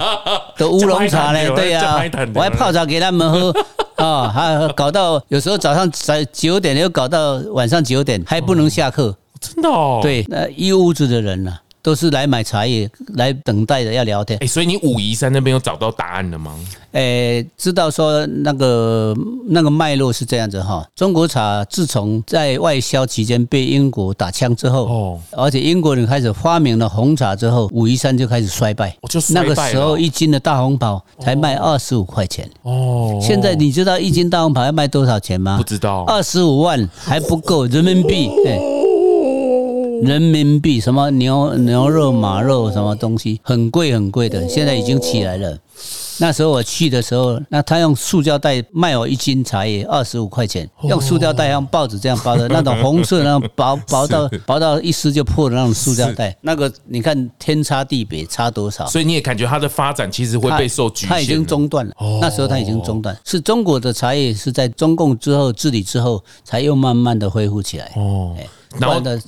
的烏龍茶呢？對呀、啊，我還泡茶給他們喝啊，還搞到有時候早上在九點，又搞到晚上九點，還不能下課。真的？對，那一屋子的人呢、啊？都是來買茶葉來等待的，要聊天。欸、所以你武夷山那邊有找到答案了嗎？欸、知道說那個那個脈絡是這樣子哈。中國茶自從在外銷期間被英國打槍之後，哦，oh. 而且英國人開始發明了紅茶之後，武夷山就開始衰敗。Oh, 就衰敗了。那個時候一斤的大紅袍才賣二十五塊錢。哦，oh. 現在你知道一斤大紅袍要賣多少錢嗎？不知道。二十五萬還不夠、oh. 人民幣。欸人民幣什麼牛牛肉馬肉什麼東西很貴很貴的，現在已經起來了。那時候我去的時候，那他用塑膠袋賣我一斤茶葉二十五塊錢，用塑膠袋用報紙這樣包的，哦、那種紅色那種薄薄到薄到，薄到一撕就破的那種塑膠袋。是，那個你看天差地別差多少，所以你也感覺它的發展其實會被受局限。它已經中斷了，哦、那時候它已經中斷。是中國的茶葉是在中共之後治理之後才又慢慢的恢復起來。哦。然後的，時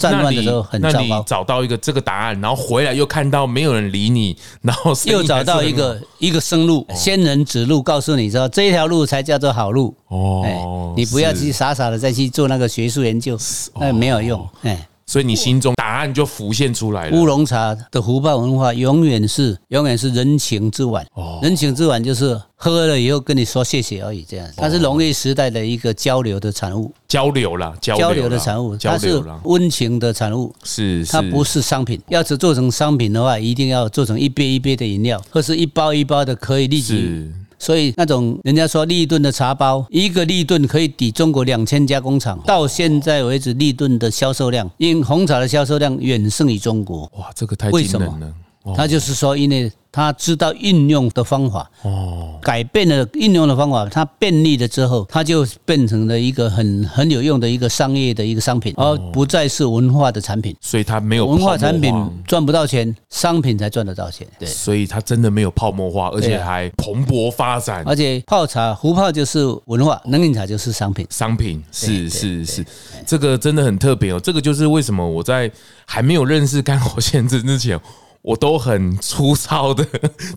候很，那你找到一個這個答案，然後回來又看到沒有人理你，然後是又找到一個一個生路，仙人指路告，告訴你說，這條路才叫做好路。哦、哎，你不要去傻傻的再去做那個學術研究，是那沒有用。哦、哎。所以你心中答案就浮現出來了。烏龍茶的壺泡文化永遠是永遠是人情之碗。哦、人情之碗就是喝了以後跟你說謝謝而已，這樣。它是農業時代的一個交流的產物，交流了，交流啦，交流的產物，交流啦，它是溫情的產物，是，它不是商品。是，是。要是做成商品的話，一定要做成一杯一杯的飲料，或者是一包一包的可以立即。所以那種人家說立頓的茶包，一個立頓可以抵中國兩千家工廠。到現在為止，立頓的銷售量，因為紅茶的銷售量遠勝於中國。哇，這個太驚人了。為什麼？他、哦、就是說，因為他知道應用的方法，哦，改變了應用的方法，他便利了之後，他就變成了一個很很有用的一個商業的一個商品，哦、而不再是文化的產品，所以它沒有化文化產品賺不到錢，商品才賺得到錢，對，所以它真的沒有泡沫化，而且還蓬勃發展，啊、而且泡茶壺泡就是文化，冷飲茶就是商品，商品是是是，這個真的很特別哦，這個就是為什麼我在還沒有認識干毫先生之前。我都很粗糙的，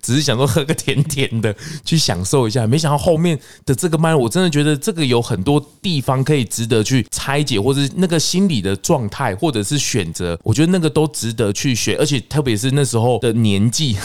只是想說喝個甜甜的，去享受一下。沒想到後面的這個麥，我真的覺得這個有很多地方可以值得去拆解，或是那個心理的狀態，或者是選擇，我覺得那個都值得去學。而且特別是那時候的年紀，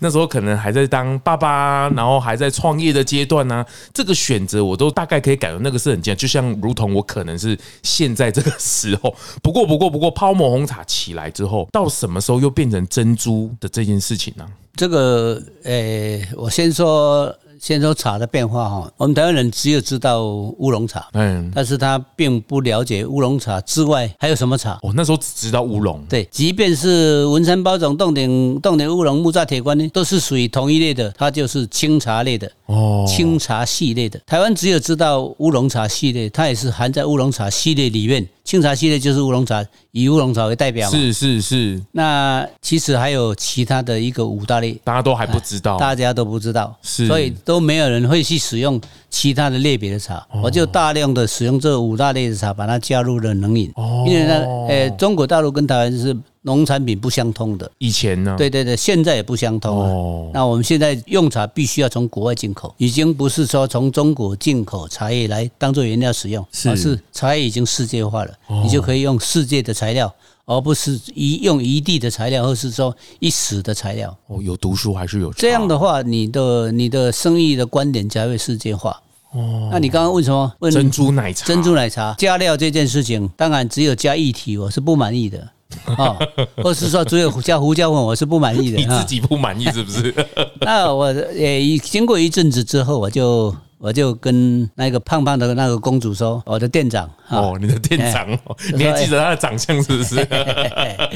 那時候可能還在當爸爸啊，然後還在創業的階段呢啊。這個選擇我都大概可以感覺那個是很像，就像如同我可能是現在這個時候。不過不過不過，泡沫紅茶起來之後，到什麼時候又變？人珍珠的這件事情呢、啊？這個呃、欸，我先說先說茶的變化哈。我們台灣人只有知道烏龍茶，嗯，但是他並不了解烏龍茶之外還有什麼茶。我、哦、那時候只知道烏龍，對，即便是文山包種、凍頂、凍頂烏龍、木柵鐵觀音，都是屬於同一類的，它就是青茶類的，哦，青茶系列的。台灣只有知道烏龍茶系列，它也是含在烏龍茶系列裡面。清茶系列就是烏龍茶，以烏龍茶為代表嘛，是是是，那其實還有其他的一個五大類，大家都還不知道、啊，大家都不知道，是 所以都沒有人會去使用其他的類別的茶。哦、我就大量的使用這五大類的茶，把它加入了冷飲，哦、因為呢，呃、欸，中國大陸跟台灣是。農產品不相通的，以前呢？對對對，現在也不相通啊。哦，那我們現在用茶必須要從國外進口，已經不是說從中國進口茶葉來當做原料使用，是而是茶葉已經世界化了，哦，你就可以用世界的材料，而不是一用一地的材料，或是說一時的材料。哦，有讀書還是有差。這樣的話，你的你的生意的觀點才會世界化。哦，那你剛剛為什麼問珍珠奶茶？珍珠奶茶加料這件事情，當然只有加液體，我是不滿意的。 *laughs* 哦，或是說只有加胡椒粉，我是不滿意的。你自己不滿意是不是？ *laughs* 那我也經過一陣子之後，我就我就跟那個胖胖的那個公主說，我的店長哦，哦，你的店長、哎、你還記得他的長相是不是？他、哎哎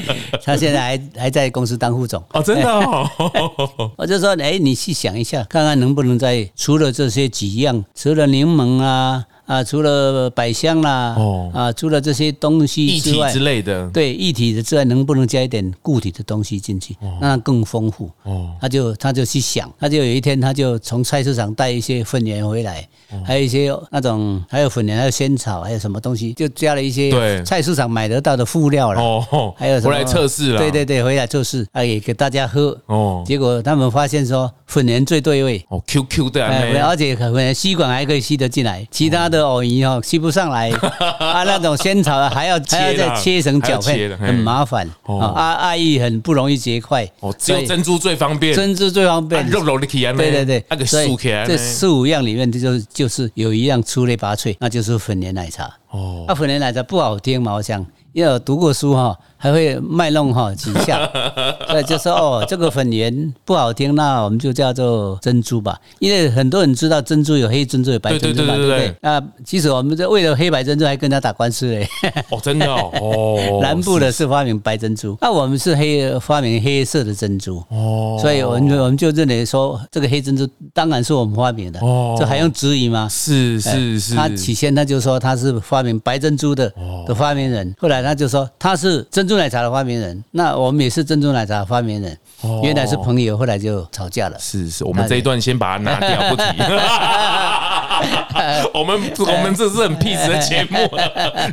哎、現在還還在公司當副總哦，真的哦、哎。我就說，哎，你去想一下，看看能不能再除了這些幾樣，除了檸檬啊。啊，除了百香啦，哦，啊，除了這些東西之外之類的，對液體的之外，能不能加一點固體的東西進去？那更豐富。哦，他就他就去想，他就有一天他就從菜市場帶一些粉圓回來，還有一些那種還有粉圓還有仙草，還有什麼東西，就加了一些菜市場買得到的輔料了。哦，還有什麼，回來測試了。對對對，回來測試，哎也給大家喝。哦，結果他們發現說粉圓最對味。哦，Q Q 的。而且可粉圓吸管還可以吸得進來，其他的。的藕泥吸不上來， *laughs* 啊，那種仙草還要切了還要再切成角片，很麻煩。哦、啊，愛玉很不容易結塊。哦，只有珍珠最方便，珍珠最方便，肉肉的起來沒？落落對對對，那個是起來沒？這四五樣裡面就，就就是有一樣出類拔萃，那就是粉圓奶茶。哦，啊，粉圓奶茶不好聽嘛，我想因為我讀過書哈。還會賣弄哈幾下 *laughs* 對，所以就說哦，這個粉圓不好聽，那我們就叫做珍珠吧，因為很多人知道珍珠有黑珍珠、有白珍珠嘛。對對對，對，對，對啊，其實我們這為了黑白珍珠還跟他打官司嘞。哦，真的哦。哦 *laughs* 南部的是發明白珍珠，那是、啊、我們是黑發明黑色的珍珠。哦。所以，我們我們就認為說，這個黑珍珠當然是我們發明的，哦、這還用質疑嗎？是是是、啊。他起先他就說他是發明白珍珠的的發明人，哦、後來他就說他是珍珠。奶茶的發明人，那我們也是珍珠奶茶的發明人。哦、原來是朋友，哦、後來就吵架了。是是，那對 我們這一段先把它拿掉不提、 *laughs* 啊。我們我們這是很屁事的節目，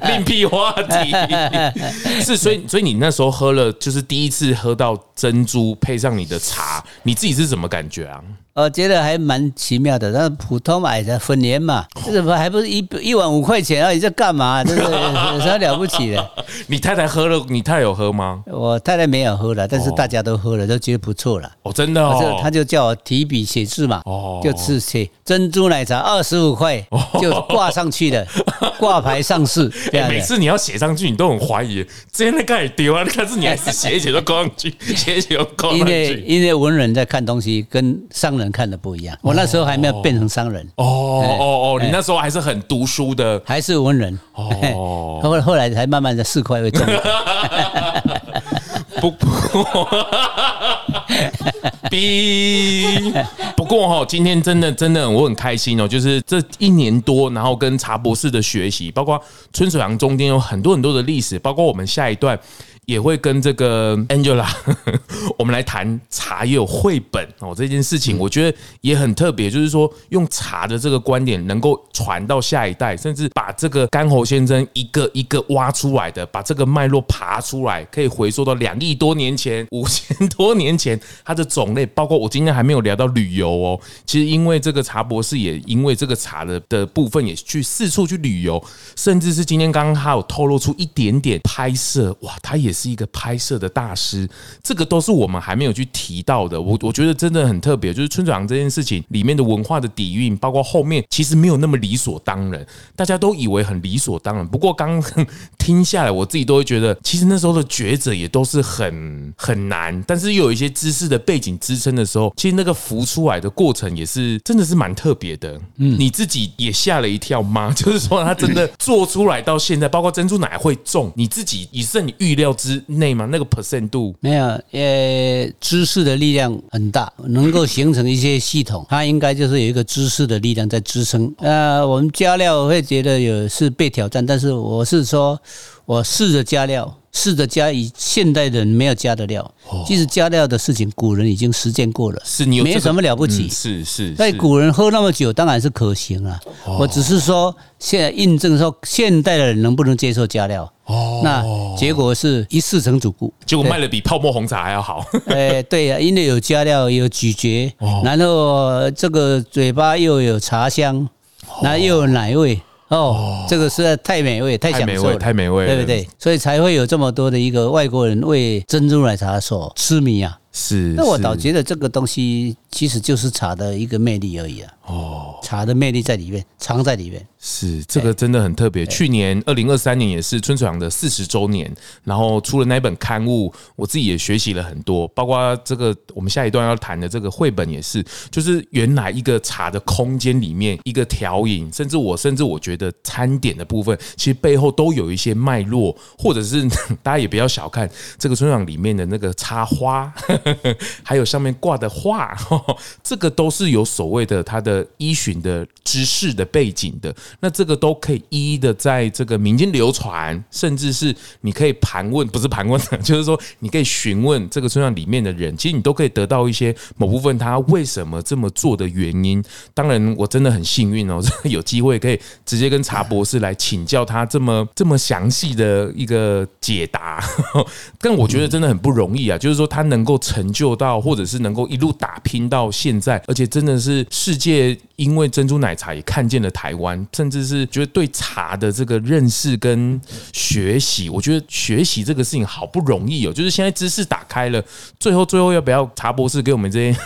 另闢話題。是，所以所以你那時候喝了，就是第一次喝到珍珠配上你的茶，你自己是怎麼感覺啊？我覺得還蠻奇妙的，那普通買的粉圓嘛，這怎麼還不是一一碗五塊錢啊？你在幹嘛、啊？這、就是有什麼了不起的？ *laughs* 你太太喝了，你太有喝嗎？我太太沒有喝了，但是大家都喝了，oh. 都覺得不錯了。哦，oh, 真的哦，啊、他就叫我提筆寫字嘛，哦、oh.，就是寫珍珠奶茶二十五塊，就掛上去的，掛、oh. 牌上市、oh. 欸。每次你要寫上去，你都很懷疑，真的蓋丟啊？但是你還是寫寫都掛上去，寫寫 *laughs* 都掛上去。因為因為文人在看東西，跟商人。看的不一樣，我那時候還沒有變成商人哦哦哦，哦，你那時候還是很讀書的，欸、還是文人哦。後後來才慢慢的四塊會懂。不過， *laughs* 叮 不過哈、哦，今天真的真的我很開心哦，就是這一年多，然後跟茶博士的學習，包括春水堂中間有很多很多的歷史，包括我們下一段。也會跟這個 Angela，我們來談茶也有繪本哦，這件事情，我覺得也很特別，就是說用茶的這個觀點能夠傳到下一代，甚至把這個干喉先生一個一個挖出來的，把這個脈絡爬出來，可以回溯到兩億多年前，五千多年前它的種類，包括我今天還沒有聊到旅遊哦。其實因為這個茶博士也因為這個茶的的部分也去四處去旅遊，甚至是今天剛剛他有透露出一點點拍攝，哇，他也，是一個拍攝的大師，這個都是我們還沒有去提到的。我我覺得真的很特別，就是春水堂這件事情裡面的文化的底蘊，包括後面其實沒有那麼理所當然，大家都以為很理所當然。不過剛聽下來，我自己都會覺得，其實那時候的抉擇也都是很很難。但是又有一些知識的背景支撐的時候，其實那個浮出來的過程也是真的是蠻特別的。嗯，你自己也嚇了一跳嗎？就是說他真的做出來到現在，包括珍珠奶茶會重，你自己以甚預料。之內嗎？那個 percent 度沒有。呃、欸，知識的力量很大，能夠形成一些系統。 *laughs* 它應該就是有一個知識的力量在支撐。呃，我們加料會覺得有是被挑戰，但是我是說，我試着加料。試着加以現代人沒有加的料，即使加料的事情，古人已經實踐過了，是沒有什麼了不起。是是，在古人喝那麼久，當然是可行啊。我只是說，現在印證說現代人能不能接受加料。那結果是一試成主顧，結果賣的比泡沫紅茶還要好。哎，對呀，因為有加料，有咀嚼，然後這個嘴巴又有茶香，那又有奶味。哦，哦，這個實在太美味，太享受，太美味，對不對？對不對？所以才會有這麼多的一個外國人為珍珠奶茶所癡迷啊。是，那我倒覺得這個東西其實就是茶的一個魅力而已啊。哦，茶的魅力在裡面，藏在裡面。哦、是，這個真的很特別。欸、去年二零二三年也是春水堂的四十周年，然後出了那一本刊物，我自己也學習了很多，包括這個我們下一段要談的這個繪本也是，就是原來一個茶的空間裡面一個調飲，甚至我甚至我覺得餐點的部分，其實背後都有一些脈絡，或者是大家也不要小看這個春水堂裡面的那個插花。還有上面掛的畫，這個都是有所謂的他的依循的知識的背景的，那這個都可以一一的在這個民間流傳，甚至是你可以盤問，不是盤問、啊，就是說你可以詢問這個村上裡面的人，其實你都可以得到一些某部分他為什麼這麼做的原因。當然，我真的很幸運哦，有機會可以直接跟茶博士來請教他這麼這麼詳細的一個解答，但我覺得真的很不容易啊，就是說他能夠。成就到，或者是能夠一路打拼到現在，而且真的是世界。因為珍珠奶茶也看見了台灣，甚至是覺得對茶的這個認識跟學習，我覺得學習這個事情好不容易哦、喔，就是現在知識打開了，最後最後要不要茶博士給我們這些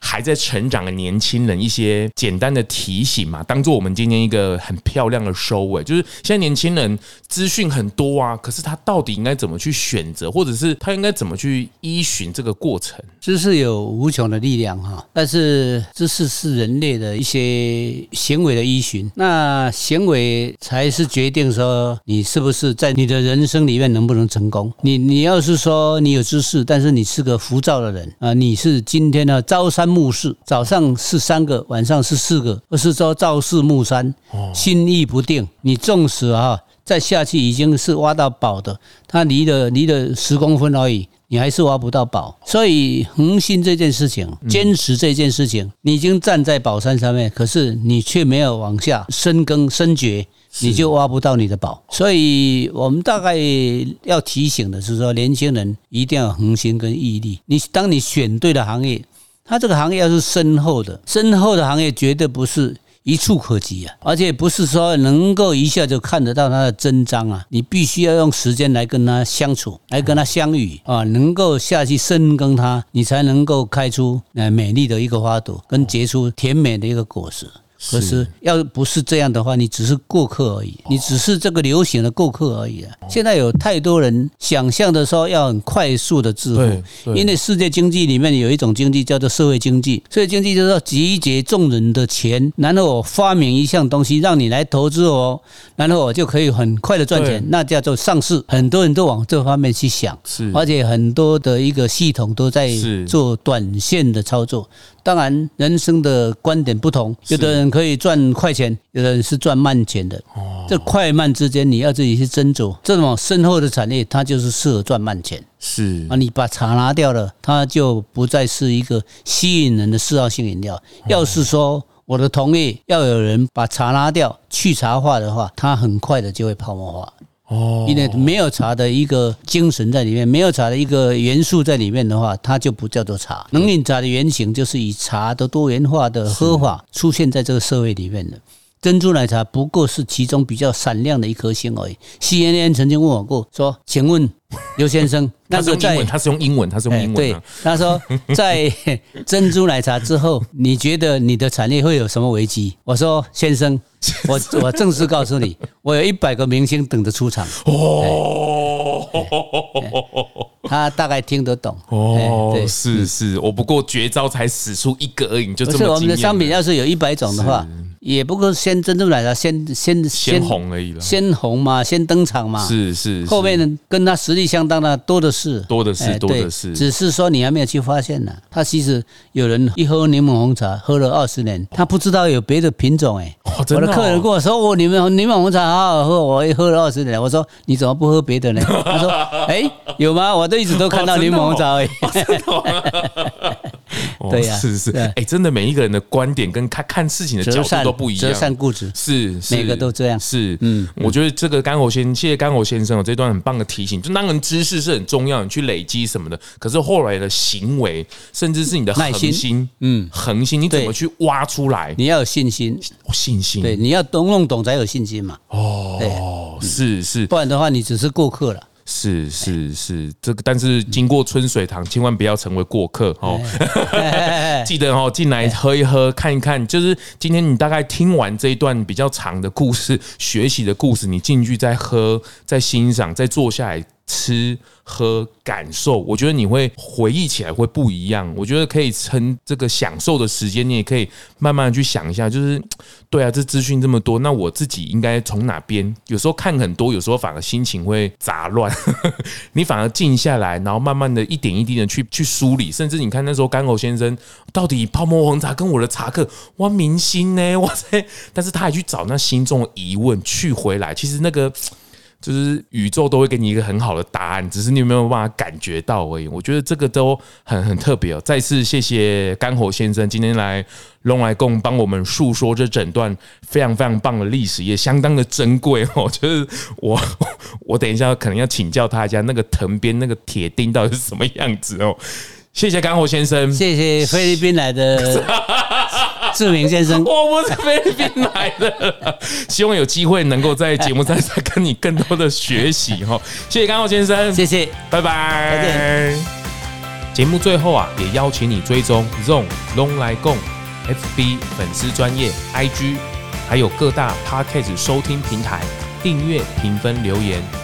還在成長的年輕人一些簡單的提醒嘛？當做我們今天一個很漂亮的收尾。就是現在年輕人資訊很多啊，可是他到底應該怎麼去選擇，或者是他應該怎麼去依循這個過程？知識有無窮的力量哈，但是知識是人類的。一些行為的依循，那行為才是決定說你是不是在你的人生裡面能不能成功。你你要是說你有知識，但是你是個浮躁的人啊，你是今天的朝三暮四，早上是三個，晚上是四個，不是說朝四暮三，心意不定。你縱使啊再下去，已經是挖到寶的，它離了離了十公分而已。你還是挖不到寶，所以恆心這件事情，堅持這件事情，你已經站在寶山上面，可是你卻沒有往下深耕深掘，你就挖不到你的寶。所以我們大概要提醒的是說，年輕人一定要恆心跟毅力。你當你選對了行業，它這個行業要是深厚的，深厚的行業絕對不是。一蹴可及啊，而且不是說能夠一下就看得到它的真章啊，你必須要用時間來跟它相處，來跟它相遇啊，能夠下去深耕它，你才能夠開出呃美麗的一個花朵，跟結出甜美的一個果實。可是，要不是這樣的話，你只是過客而已，你只是這個流行的過客而已。現在有太多人想象的說要很快速的致富，因為世界經濟裡面有一種經濟叫做社會經濟，社會經濟就是說集結眾人的錢，然後我發明一項東西讓你來投資我，然後我就可以很快的賺錢，那叫做上市。很多人都往這方面去想，而且很多的一個系統都在做短線的操作。當然，人生的觀點不同，有的人可以賺快錢，有的人是賺慢錢的。這快慢之間你要自己去斟酌。這種深厚的產業，它就是適合賺慢錢。是啊，你把茶拿掉了，它就不再是一個吸引人的嗜好性飲料。要是說我的同業，要有人把茶拿掉去茶化的話，它很快的就會泡沫化。因為沒有茶的一個精神在裡面，沒有茶的一個元素在裡面的話，它就不叫做茶。能飲茶的原型就是以茶的多元化的喝法出現在這個社會裡面的。珍珠奶茶不過是其中比較閃亮的一顆星而已。CNN 曾經問我過，說：“請問劉先生，那個在他是用英文，他是用英文。”對，他說：“在珍珠奶茶之後，你覺得你的產業會有什麼危機？”我說：“先生，我我正式告訴你，我有一百個明星等着出場。”哦，他大概聽得懂。哦，是是，我不過絕招才使出一個而已，就這麼。我們的商品要是有一百種的話。也不過先珍珠奶茶，先先先，先紅而已了。先紅嘛，先登場嘛。是是，是，後面呢，跟他實力相當的多的是。多的是，多的是。只是說你還沒有去發現呢，他其實有人一喝檸檬紅茶喝了二十年，他不知道有別的品種。欸哦，真的哦。我的客人跟我說，我你們檸檬紅茶好好喝，我一喝了二十年。我說你怎麼不喝別的呢？ *laughs* 他說哎、欸，有嗎？我都一直都看到檸檬紅茶哎，欸。哦 *laughs* 對呀，是是，哎，真的每一個人的觀點跟看看事情的角度都不一樣，擇善固執是，每個都這樣是。嗯，我覺得這個甘國先，謝謝甘國先生哦，這段很棒的提醒，就當人知識是很重要，你去累積什麼的。可是後來的行為，甚至是你的恆心，嗯，恆心，你怎麼去挖出來？你要有信心，信心。對，你要都弄懂才有信心嘛。哦，是是，不然的話你只是過客了。是是是，這個、欸、但是經過春水堂，嗯、千萬不要成為過客哦。欸、 *laughs* 記得哦，進來喝一喝，欸、看一看。就是今天你大概聽完這一段比較長的故事、學習的故事，你進去再喝、再欣賞、再坐下來。吃喝感受，我覺得你會回憶起來會不一樣。我覺得可以趁這個享受的時間，你也可以慢慢的去想一下，就是對啊，這資訊這麼多，那我自己應該從哪邊？有時候看很多，有時候反而心情會雜亂， *laughs* 你反而靜下來，然後慢慢的一點一滴的去去梳理。甚至你看那時候幹口先生，到底泡沫紅茶跟我的茶客哇明星呢哇塞，但是他還去找那心中的疑問去回來，其實那個。就是宇宙都會給你一個很好的答案，只是你有沒有辦法感覺到而已。我覺得這個都很很特別哦。再次謝謝甘火先生今天來嚨來共幫我們訴說這整段非常非常棒的歷史，也相當的珍貴哦。就是我我等一下可能要請教他一下，那個藤編那個鐵釘到底是什麼樣子哦。謝謝乾貨先生，謝謝菲律賓來的志明先生， *laughs* 我不是菲律賓來的，希望有機會能夠在節目上再跟你更多的學習哈，謝謝乾貨先生，謝謝，拜拜。節目最後啊，也邀請你追蹤 ZONG 嚨來共 FB 粉絲專頁 IG，還有各大 Podcast 收聽平台訂閱、評分、留言。